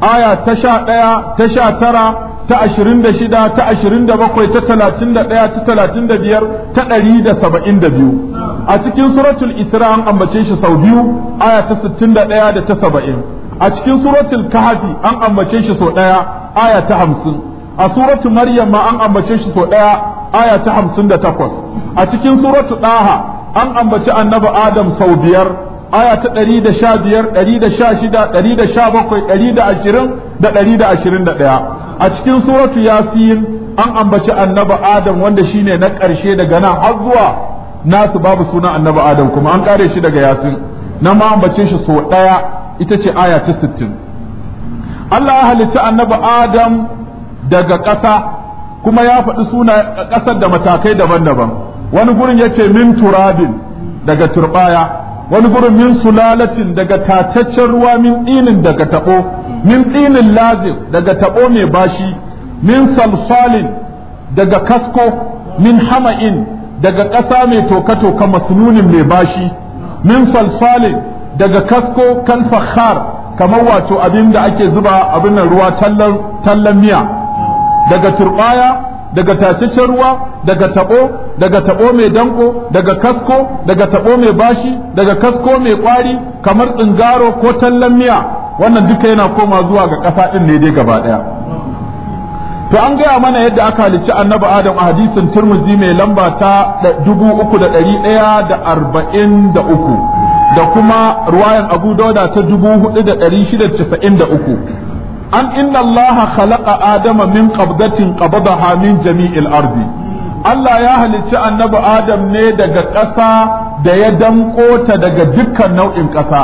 aya ta sha ɗaya ta sha tara ta ashirin da shida ta ashirin da bakwai ta talatin da ɗaya ta talatin da biyar ta ɗari da saba'in da biyu a cikin suratul isra an ambace shi sau biyu aya ta sittin da ɗaya da ta saba'in a cikin suratul kahfi an ambace shi sau ɗaya aya ta hamsin a suratu maryam ma an ambace shi sau ɗaya aya ta hamsin da takwas a cikin suratu ɗaha an ambaci annabi adam sau biyar aya ta ɗari da sha biyar ɗari da sha shida ɗari da sha bakwai ɗari da ashirin da ɗari da ashirin da ɗaya a cikin suratu yasin an ambaci annabi adam wanda shine na ƙarshe daga nan har zuwa nasu babu sunan annabi adam kuma an ƙare shi daga yasin na ma ambace shi sau ɗaya ita ce aya ta sittin Allah ya halicci annabi Adam daga ƙasa kuma ya faɗi suna ƙasar da matakai daban-daban wani gurin ya ce min turabin daga turbaya wani gurin min sulalatin daga tataccen ruwa min ɗinin daga taɓo min ɗinin lazim daga taɓo mai bashi min salsalin daga kasko min hama'in daga ƙasa mai toka-toka masununin mai bashi min salsalin daga kasko kan fakhar kamar wato abin da ake zuba abin nan ruwa tallan miya daga turbaya daga tacicen ruwa daga tabo daga tabo mai danko daga kasko daga tabo mai bashi daga kasko mai kwari kamar tsingaro ko tallan miya wannan duka yana koma zuwa ga ƙasa ɗin ne dai gaba ɗaya to an gaya mana yadda aka halicci annabi adam a hadisin turmuzi mai lamba ta dubu uku da ɗari ɗaya da arba'in da uku da kuma ruwayan abu dauda ta dubu hudu da ɗari shida casa'in da uku an inna allaha khalaqa adama min qabdatin qabadaha min jami'il ardi Allah ya halicci annabi Adam ne daga ƙasa da ya danko ta daga dukkan nau'in ƙasa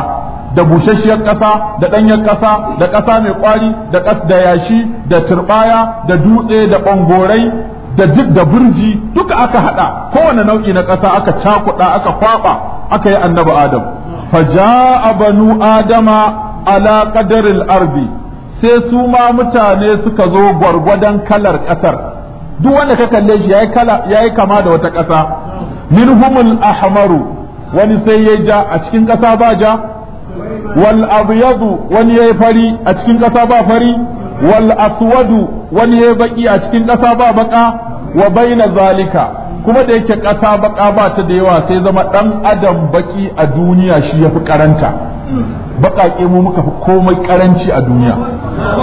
da busasshiyar ƙasa da ɗanyar ƙasa da ƙasa mai ƙwari da ƙas da yashi da turbaya da dutse da ɓangorai da duk da burji duka aka haɗa kowane nau'i na ƙasa aka cakuɗa aka kwaɓa aka yi annabi Adam fa ja'a banu adama ala qadaril ardi sai su ma mutane suka zo gwargwadon kalar ƙasar duk wanda ka kalle shi ya yi kama da wata ƙasa minhumul ahmaru wani sai ya ja a cikin ƙasa ba ja wal abyadu wani ya fari a cikin ƙasa ba fari wal aswadu wani ya baƙi a cikin ƙasa ba baƙa wa baina zalika kuma da yake ƙasa baƙa ba ta da yawa sai zama ɗan adam baƙi a duniya shi ya fi karanta baƙaƙe mu muka fi komai karanci a duniya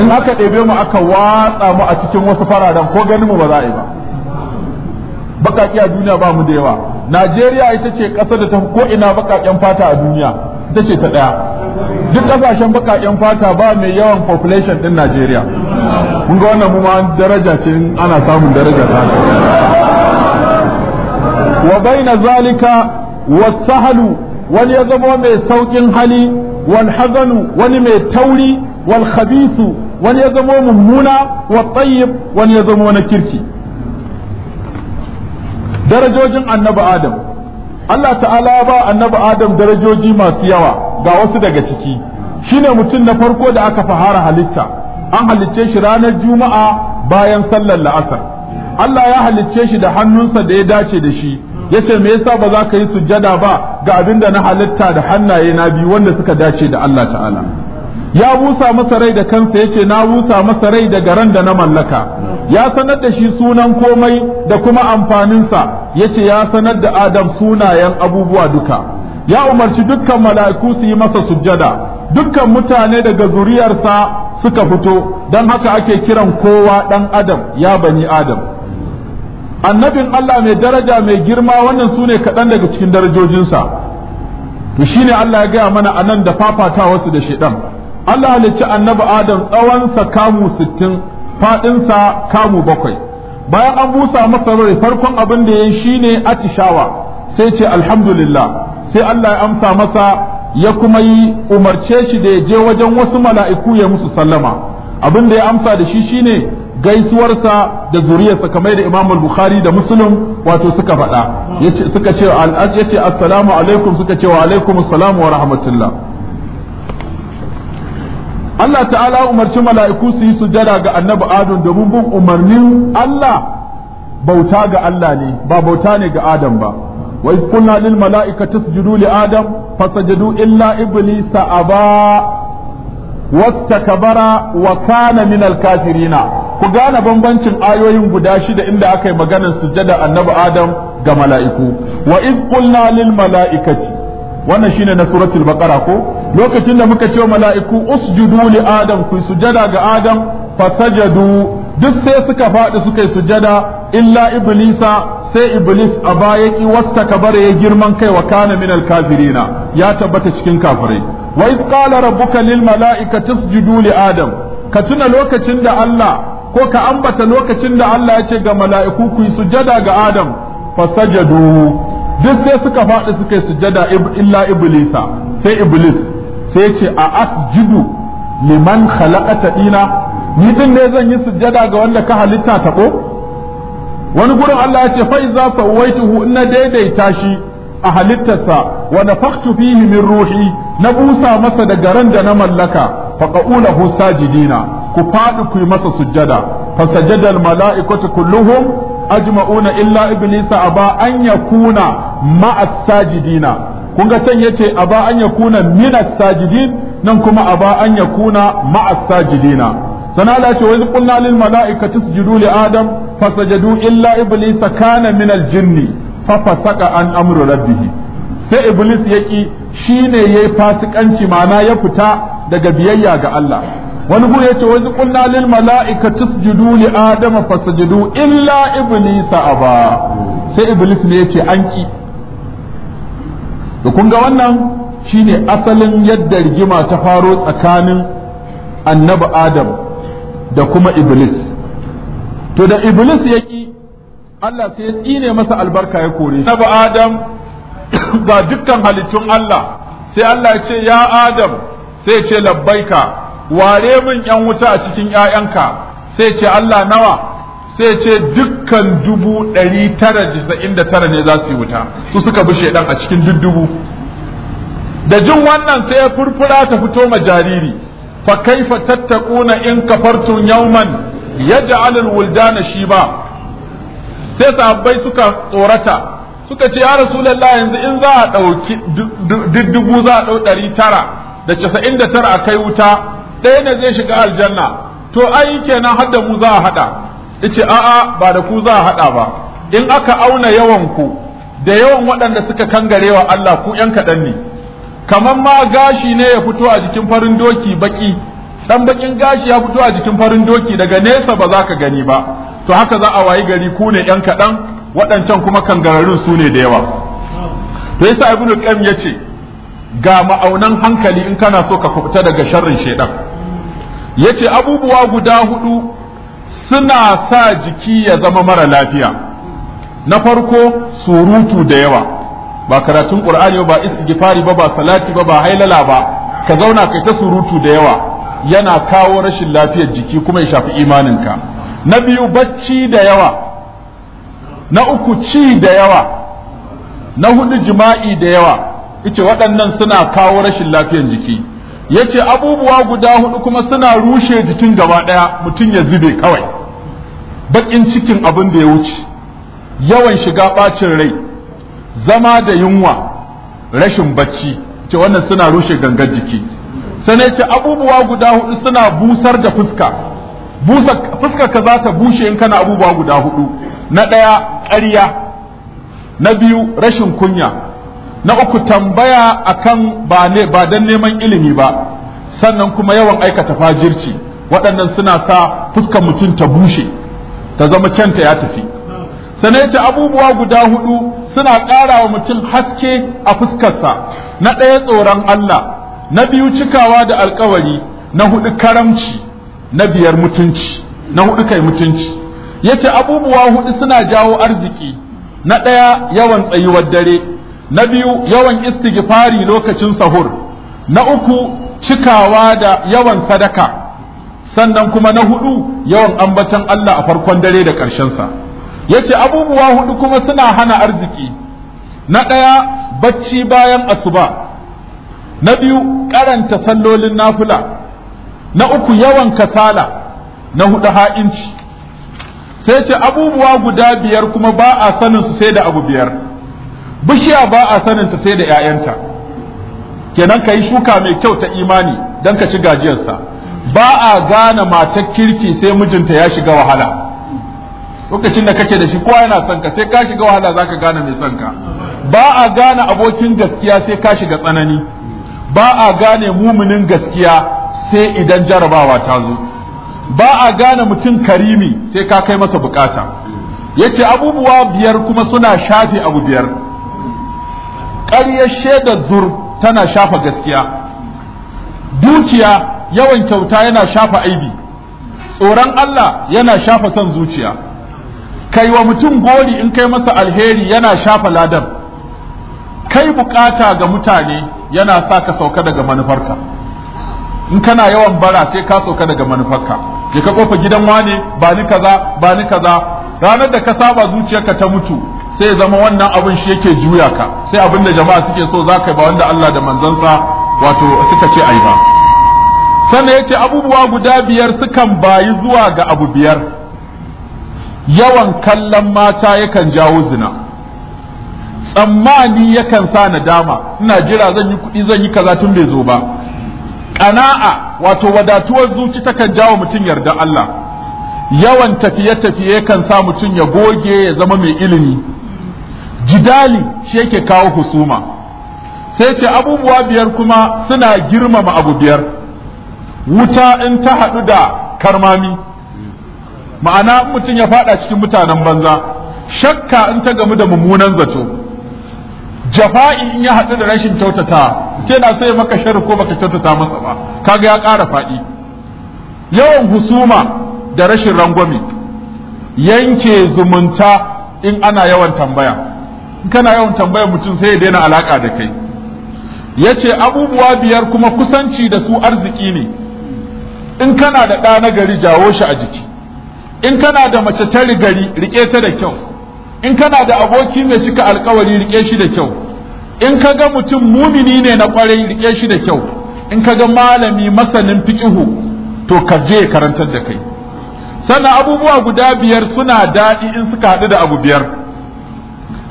in aka ɗebe mu aka watsa mu a cikin wasu fararen ko ganin mu ba za a yi ba baƙaƙe a duniya ba mu da yawa najeriya ita ce ƙasar da ta fi ko ina baƙaƙen fata a duniya ita ce ta ɗaya duk ƙasashen baƙaƙen fata ba mai yawan population ɗin Najeriya. Mun ga wannan mu ma daraja ce ana samun daraja ta. wa baina zalika wasahalu wani ya zama mai saukin hali wal hazanu wani mai tauri wal wani ya zama mummuna wa tayyib wani ya zama na kirki darajojin annabi adam Allah ta'ala ba annabi adam darajoji masu yawa ga wasu daga ciki shine mutum na farko da aka fahara halitta an halicce shi ranar juma'a bayan sallar la'asar Allah ya halicce shi da hannunsa da ya dace da shi yace me yasa ba za ka yi sujjada ba ga abin da na halitta da hannaye na biyu wanda suka dace da Allah ta'ala ya busa masa rai da kansa yace na busa masa rai daga ran da na mallaka ya sanar da shi sunan komai da kuma amfaninsa yace ya sanar da Adam sunayen abubuwa duka ya umarci dukkan mala'iku su yi masa sujjada dukkan mutane daga zuriyarsa suka fito don haka ake kiran kowa dan adam ya bani adam annabin Allah mai daraja mai girma wannan su ne kaɗan daga cikin darajojinsa to shi ne Allah ya gaya mana a nan da fafata wasu da shaidan Allah halicci annabi Adam tsawonsa kamu sittin faɗinsa kamu bakwai bayan an busa masa rai farkon abin da ya yi shine atishawa sai ce alhamdulillah sai Allah ya amsa masa ya kuma yi umarce shi da ya je wajen wasu mala'iku ya musu sallama abin da ya amsa da shi shine gaisuwarsa da zuriyarsa kamar da Imam Bukhari da Muslim wato suka faɗa yace suka ce yace assalamu alaikum suka ce wa alaikum assalam wa rahmatullah Allah ta'ala umarci mala'iku su yi sujada ga annabi Adam domin bin umarnin Allah bauta ga Allah ne ba bauta ne ga Adam ba wa iz qulna lil mala'ikati isjudu li Adam fasajadu illa iblisa aba wastakbara wa kana min alkafirina ku gane bambancin ayoyin guda shida inda aka yi maganar sujada annabi adam ga mala'iku wa iz qulna lil mala'ikati wannan shine na suratul baqara ko lokacin da muka ce mala'iku usjudu li adam ku sujada ga adam fasajadu duk sai suka faɗi suka yi sujada illa iblisa sai iblis a baya ki wasta kabare ya girman kai wa kana min na ya tabbata cikin kafirai wa iz qala rabbuka lil mala'ikati isjudu li adam ka tuna lokacin da Allah ko ka ambata lokacin da Allah ya ce ga mala'iku ku yi sujada ga adam fasajadu duk sai suka faɗi suka yi sujada illa iblisa sai iblis sai ce a asjudu liman khalaqata ina ni din ne zan yi sujada ga wanda ka halitta ta ko wani gurin Allah ya ce fa iza sawaituhu inna daidaita shi a halittarsa wa nafaktu fihi min ruhi na busa masa da ran da na mallaka fa qaulahu sajidina ku fadi ku yi masa sujjada fa sajada al mala'ikatu kulluhum ajma'una illa iblisa aba an yakuna ma'a sajidina kun ga can yace aba an yakuna min as sajidin nan kuma aba an yakuna ma'a sajidina sana Allah ce wa iz qulna lil mala'ikati isjudu li adam fasajadu illa iblisa kana min al jinni fa fasaka an amru rabbih sai iblis yaki shine yayi fasikanci ma'ana ya fita daga biyayya ga Allah wani hu yace wa iz qulna lil mala'ikati isjudu li adam fasajadu illa iblisa aba sai iblis ne yace an ki to kun ga wannan shine asalin yadda rigima ta faro tsakanin annabi adam da kuma iblis to da iblis ya ki Allah sai ya tsine masa albarka ya kore shi adam ba dukkan halittun Allah sai Allah ya ce ya adam sai ya ce labbaika ware min yan wuta a cikin 'ya'yanka sai ya ce Allah nawa sai ya ce dukkan dubu ɗari tara jisa'in da tara ne za su yi wuta su suka bi shaidan a cikin duk dubu da jin wannan sai ya furfura ta fito ma jariri fa kaifa tattaquna in kafartum yawman yaj'al al shi shiba sai sahabbai suka tsorata suka ce ya rasulullah yanzu in za a dauki dubu za a tara 900 da 99 a kai wuta ɗaya ne zai shiga aljanna to ai kenan hadda mu za a hada yace a'a ba da ku za a hada ba in aka auna yawan ku da yawan waɗanda suka kangarewa Allah ku ƴan kaɗan ne kamar ma gashi ne ya fito a jikin farin doki baki dan bakin gashi ya fito a jikin farin doki daga nesa ba za ka gani ba to haka za a wayi gari ku ne yan kaɗan waɗancan kuma kangararrun su ne da yawa to yasa ibnu qayyim yace ga ma'aunan hankali in kana so ka kubuta daga sharrin shedan yace abubuwa guda hudu suna sa jiki ya zama mara lafiya na farko surutu da yawa ba karatun qur'ani ba istighfari ba ba salati ba ba hailala ba ka zauna kai ta surutu da yawa yana kawo rashin lafiyar jiki kuma ya shafi imaninka na biyu bacci da yawa na uku ci da yawa na hudu jima'i da yawa ice waɗannan suna kawo rashin lafiyar jiki yace abubuwa guda hudu kuma suna rushe jikin gaba ɗaya mutum ya zube kawai baƙin cikin abin da ya wuce yawan shiga ɓacin rai zama da yunwa rashin bacci ce wannan suna rushe gangar jiki sai ce abubuwa guda hudu suna busar da fuska fuska ka za ta bushe in kana abubuwa guda hudu na ɗaya ƙarya na biyu rashin kunya na uku tambaya akan ba ne ba don neman ilimi ba sannan kuma yawan aikata fajirci waɗannan suna sa fuskar mutum ta bushe ta zama canta ya tafi sannan ce abubuwa guda hudu suna ƙara wa mutum haske a fuskarsa na ɗaya tsoron Allah na biyu cikawa da alkawari na hudu karamci na biyar mutunci na hudu kai mutunci yace abubuwa hudu suna jawo arziki na ɗaya yawan tsayuwar dare na biyu yawan istighfari lokacin sahur na uku cikawa da yawan sadaka sannan kuma na hudu yawan ambatan Allah a farkon dare da ƙarshensa yace abubuwa hudu kuma suna hana arziki na ɗaya bacci bayan asuba na biyu karanta sallolin nafula na uku yawan kasala na hudu ha'inci sai ce abubuwa guda biyar kuma ba a sanin su sai da abu biyar bishiya ba a sanin ta sai da 'ya'yanta kenan ka yi shuka mai kyau ta imani don ka ci gajiyarsa ba a gane matar kirki sai mijinta ya shiga wahala lokacin da kake da shi kowa yana son ka sai ka shiga wahala zaka gane mai son ka ba a gane abokin gaskiya sai ka shiga tsanani ba a gane muminin gaskiya sai idan jarabawa ta zo ba a gane mutum karimi sai ka kai masa bukata yace abubuwa biyar kuma suna shafe abu biyar ƙaryar shaidar zur tana shafa gaskiya dukiya yawan kyauta yana shafa aibi tsoron Allah yana shafa son zuciya kai wa mutum gori in kai masa alheri yana shafa ladan kai bukata ga mutane yana sa ka sauka daga manufarka in kana yawan bara sai ka sauka daga manufarka je ka kofa gidan wane ba ni kaza ba ni kaza ranar da ka saba zuciyarka ta mutu sai zama wannan abin shi yake juya ka sai abin da jama'a suke so za ka ba wanda Allah da manzansa wato suka ce ai ba sannan yace abubuwa guda biyar sukan bayi zuwa ga abu biyar yawan kallon mata yakan jawo zina tsammani yakan sa nadama ina jira zan yi kuɗi zan yi kaza tun bai zo ba ƙana'a wato wadatuwar zuci takan jawo mutum yarda Allah yawan tafiye-tafiye yakan sa mutum ya goge ya zama mai ilimi jidali shi yake kawo husuma sai ce abubuwa biyar kuma suna girmama abu biyar wuta in ta haɗu da karmami ma'ana mutum ya fada cikin mutanen banza shakka in ta gamu da mummunan zato jafa'i in ya haɗu da rashin kyautata na sai maka sharri ko baka kyautata masa ba kaga ya ƙara faɗi yawan husuma da rashin rangwame yanke zumunta in ana yawan tambaya in kana yawan tambayar mutum sai ya daina alaƙa da kai yace abubuwa biyar kuma kusanci da su arziki ne in kana da ɗa na gari jawo shi a jiki in kana da mace ta rigari rike ta da kyau in kana da aboki mai cika alkawari rike shi da kyau in ka ga mutum mumini ne na kwarai rike shi da kyau in ka ga malami masanin fiqihu to ka je karantar da kai sannan abubuwa guda biyar suna daɗi in suka haɗu da abu biyar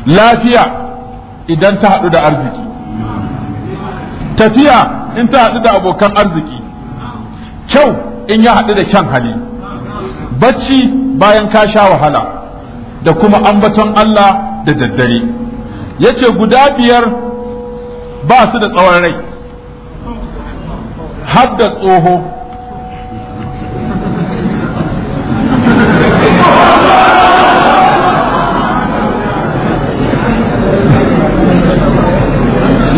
lafiya idan ta haɗu da arziki tafiya in ta haɗu da abokan arziki kyau in ya haɗu da kyan hali bacci bayan ka sha wahala da kuma ambaton Allah da daddare yace guda biyar ba su da tsawon rai har da tsoho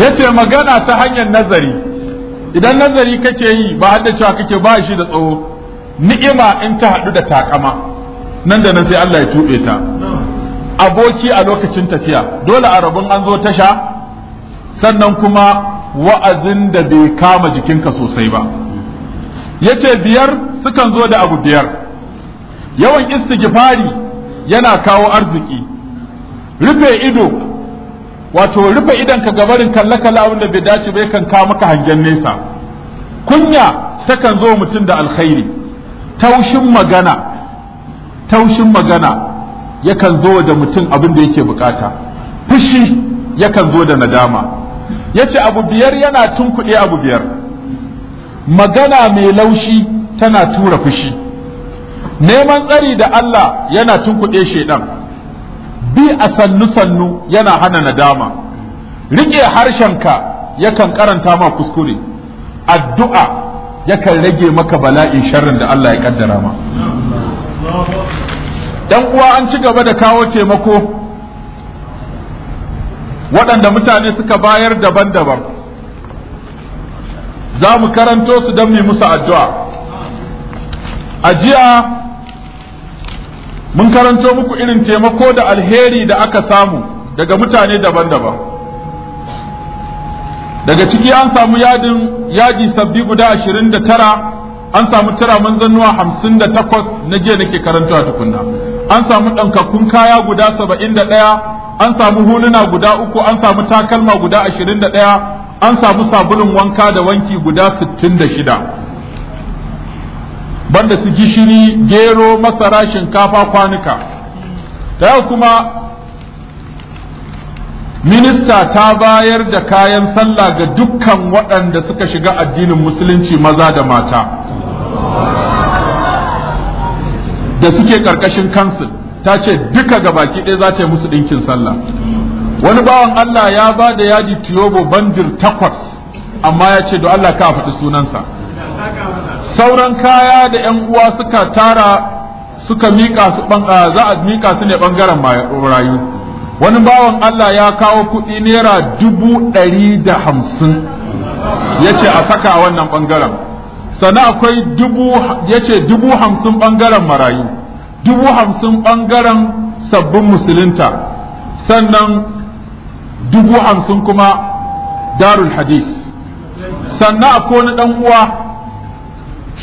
yace magana ta hanyar nazari idan nazari kake yi ba har da cewa kake ba shi da tsoho ni'ima in ta haɗu da takama nan da nan sai Allah ya tuɓe ta aboki a lokacin tafiya dole a rabun an zo tasha sannan kuma wa'azin da bai kama jikinka sosai ba yace biyar sukan zo da abu biyar yawan istighfari yana kawo arziki rufe ido wato rufe idan ka gabarin kalle kalle abin da bai dace ba yakan kawo maka hangen nesa kunya takan zo mutum da alkhairi taushin magana taushin magana yakan zo da mutum abin da yake bukata fushi yakan zo da nadama yace abu biyar yana tunkuɗe abu biyar magana mai laushi tana tura fushi neman tsari da Allah yana tunkuɗe shaidan bi a sannu-sannu yana hana nadama riƙe harshenka yakan karanta ma kuskure addu'a yakan rage maka bala'in sharrin da Allah ya kaddara ma dan uwa an ci gaba da kawo taimako waɗanda mutane suka bayar daban-daban za mu karanto su don mu musu addu'a a jiya mun karanto muku irin taimako da alheri da aka samu daga mutane daban-daban daga ciki an samu yadin yaji sabbi guda ashirin da tara an samu tara manzannuwa hamsin da takwas na jiya nake karantawa tukunna an samu ɗankakkun kaya guda saba'in da ɗaya an samu huluna guda uku an samu takalma guda ashirin da ɗaya an samu sabulun wanka da wanki guda sittin da shida banda su gishiri gero masara shinkafa kwanuka ta yau kuma minista ta bayar da kayan sallah ga dukkan waɗanda suka shiga addinin musulunci maza da mata da suke ƙarƙashin kansil ta ce duka ga baki ɗaya za ta yi musu ɗinkin sallah wani bawan Allah ya ba da yaji tiyobo bandir takwas amma ya ce da Allah ka faɗi sunansa sauran kaya da 'yan uwa suka tara suka miƙa su za a miƙa su ne ɓangaren rayu wani bawan Allah ya kawo kuɗi naira dubu ɗari da hamsin ya ce a saka wannan ɓangaren sana akwai dubu ya ce dubu hamsin ɓangaren marayu dubu hamsin ɓangaren sabbin musulunta sannan dubu hamsin kuma darul hadis sannan akwai wani ɗan uwa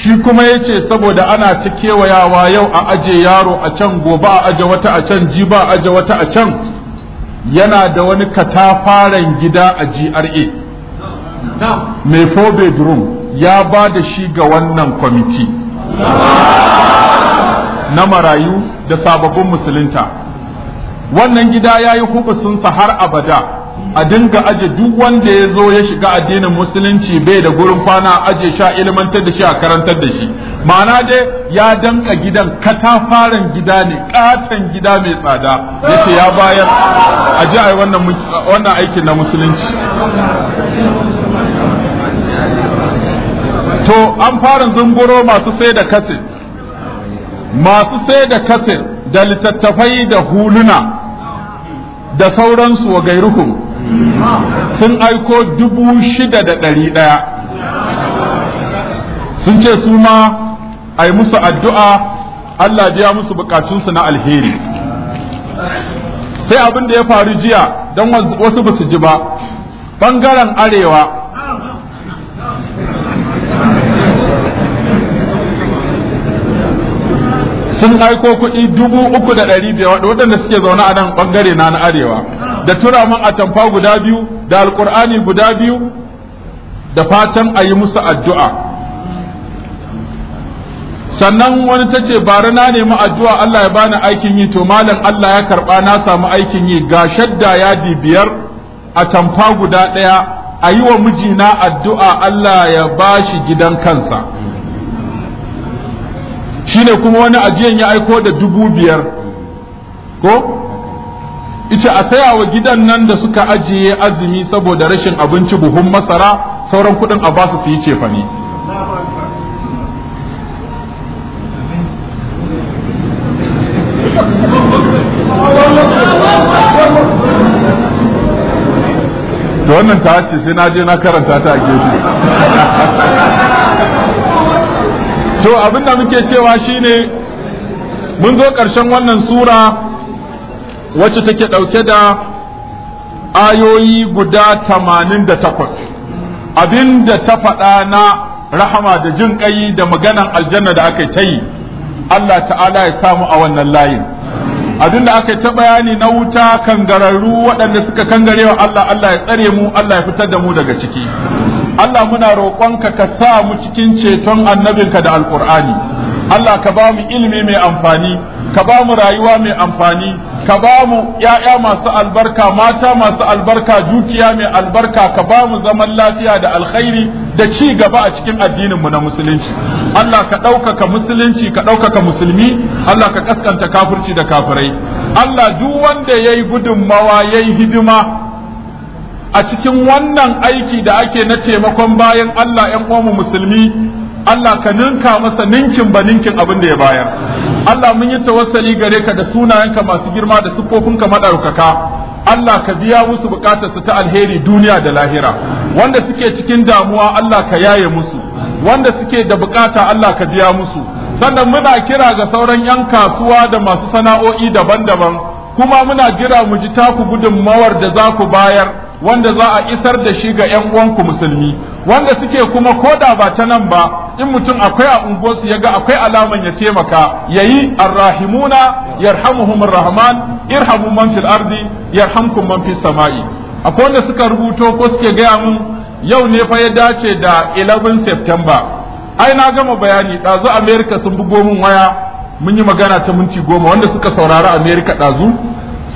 shi kuma ya ce saboda ana ta kewayawa yau a aje yaro a can gobe a aje wata a can jiba a aje wata a can yana da wani katafaren gida a GRA mai four bedroom ya ba da shi ga wannan kwamiti na marayu da sababbin musulunta wannan gida ya yi hukusunsa har abada a dinga aje duk wanda ya zo ya shiga addinin musulunci bai da gurin kwana aje sha ilmantar da shi a karantar da shi ma'ana dai ya danka gidan katafaren gida ne katon gida mai tsada ya ce ya bayar a ji ai wannan aikin na musulunci to an fara zunguro masu sai da masu sai da da littattafai da huluna da sauransu wa gairuhu sun aiko dubu shida da ɗari ɗaya sun ce su ma a yi musu addu'a Allah biya musu bukatunsu na alheri sai abin da ya faru jiya don wasu ba su ji ba ɓangaren arewa sun aiko kuɗi dubu uku da ɗari biyar waɗanda suke zaune a nan ɓangare na na arewa da a atamfa guda biyu da alƙur'ani guda biyu da fatan a yi musu addu'a sannan wani ta ce bara na nemi addu'a Allah ya bani aikin yi to malam Allah ya karɓa na samu aikin yi ga shadda yadi biyar atamfa guda ɗaya a yi wa mijina addu'a Allah ya bashi gidan kansa. shine kuma wani ajiyan ya aiko da dubu biyar ko ita a saya wa gidan nan da suka ajiye azumi saboda rashin abinci buhun masara sauran kuɗin a basu su yi cefani da wannan ta ce sai na je na karanta ta a gefe to abin da muke cewa shine mun zo ƙarshen wannan sura wacce take ɗauke da ayoyi guda tamanin da takwas abin ta faɗa na rahama da jin ƙai da maganan aljanna da aka ta yi Allah ta'ala ya samu a wannan layin abin da aka ta bayani na wuta kangararru waɗanda suka kangarewa Allah Allah ya tsare mu Allah ya fitar da mu daga ciki Allah muna roƙonka ka sa mu cikin ceton annabinka da alƙur'ani Allah ka ba mu ilimi mai amfani ka ba mu rayuwa mai amfani ka ba mu ‘ya'ya masu albarka mata masu albarka dukiya mai albarka ka ba mu zaman lafiya da alkhairi da ci gaba a cikin addininmu na musulunci Allah ka ɗaukaka musulunci ka ɗaukaka musulmi Allah ka ƙasƙanta kafurci da kafirai Allah duk wanda ya yi gudunmawa ya yi hidima a cikin wannan aiki da ake na taimakon bayan Allah ‘yan uwanmu musulmi Allah ka ninka masa ninkin ba ninkin abin da ya bayar Allah mun yi tawassali gare ka da sunayenka masu girma da siffofinka maɗaukaka Allah ka biya musu su ta alheri duniya da lahira wanda suke cikin damuwa Allah ka yaye musu wanda suke da bukata Allah ka biya musu sannan muna kira ga sauran 'yan kasuwa da masu sana'o'i daban-daban kuma muna jira mu ji taku gudunmawar da za ku bayar wanda za a isar da shi ga yan uwanku musulmi wanda suke kuma koda ba ta nan ba in mutum akwai a unguwarsu ya ga akwai alaman ya taimaka yayi arrahimuna yarhamuhumur rahman irhamu man fil ardi yarhamkum man fis samai akwai wanda suka rubuto ko suke gaya mun yau ne fa ya dace da 11 September ai na gama bayani ɗazu America sun bugo mun waya mun yi magana ta minti goma wanda suka saurari America ɗazu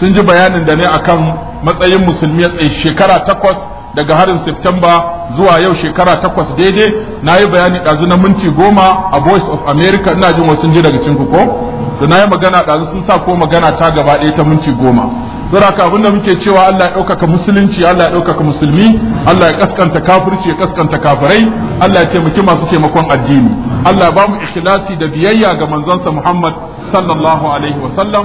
sun ji bayanin da ne akan matsayin musulmi ya tsaye shekara takwas daga harin Septemba zuwa yau shekara takwas daidai na yi bayani ɗazu na minti goma a Voice of America ina jin wasu ji daga cinku ko? Da na yi magana ɗazu sun sa ko magana ta gaba ɗaya ta minti goma. zura abin da muke cewa Allah ya ɗaukaka musulunci, Allah ya ɗaukaka musulmi, Allah ya kaskanta kafirci, ya kaskanta kafirai, Allah ya taimaki masu taimakon addini. Allah ya ba mu ikhlasi da biyayya ga manzonsa Muhammad sallallahu alaihi wa sallam.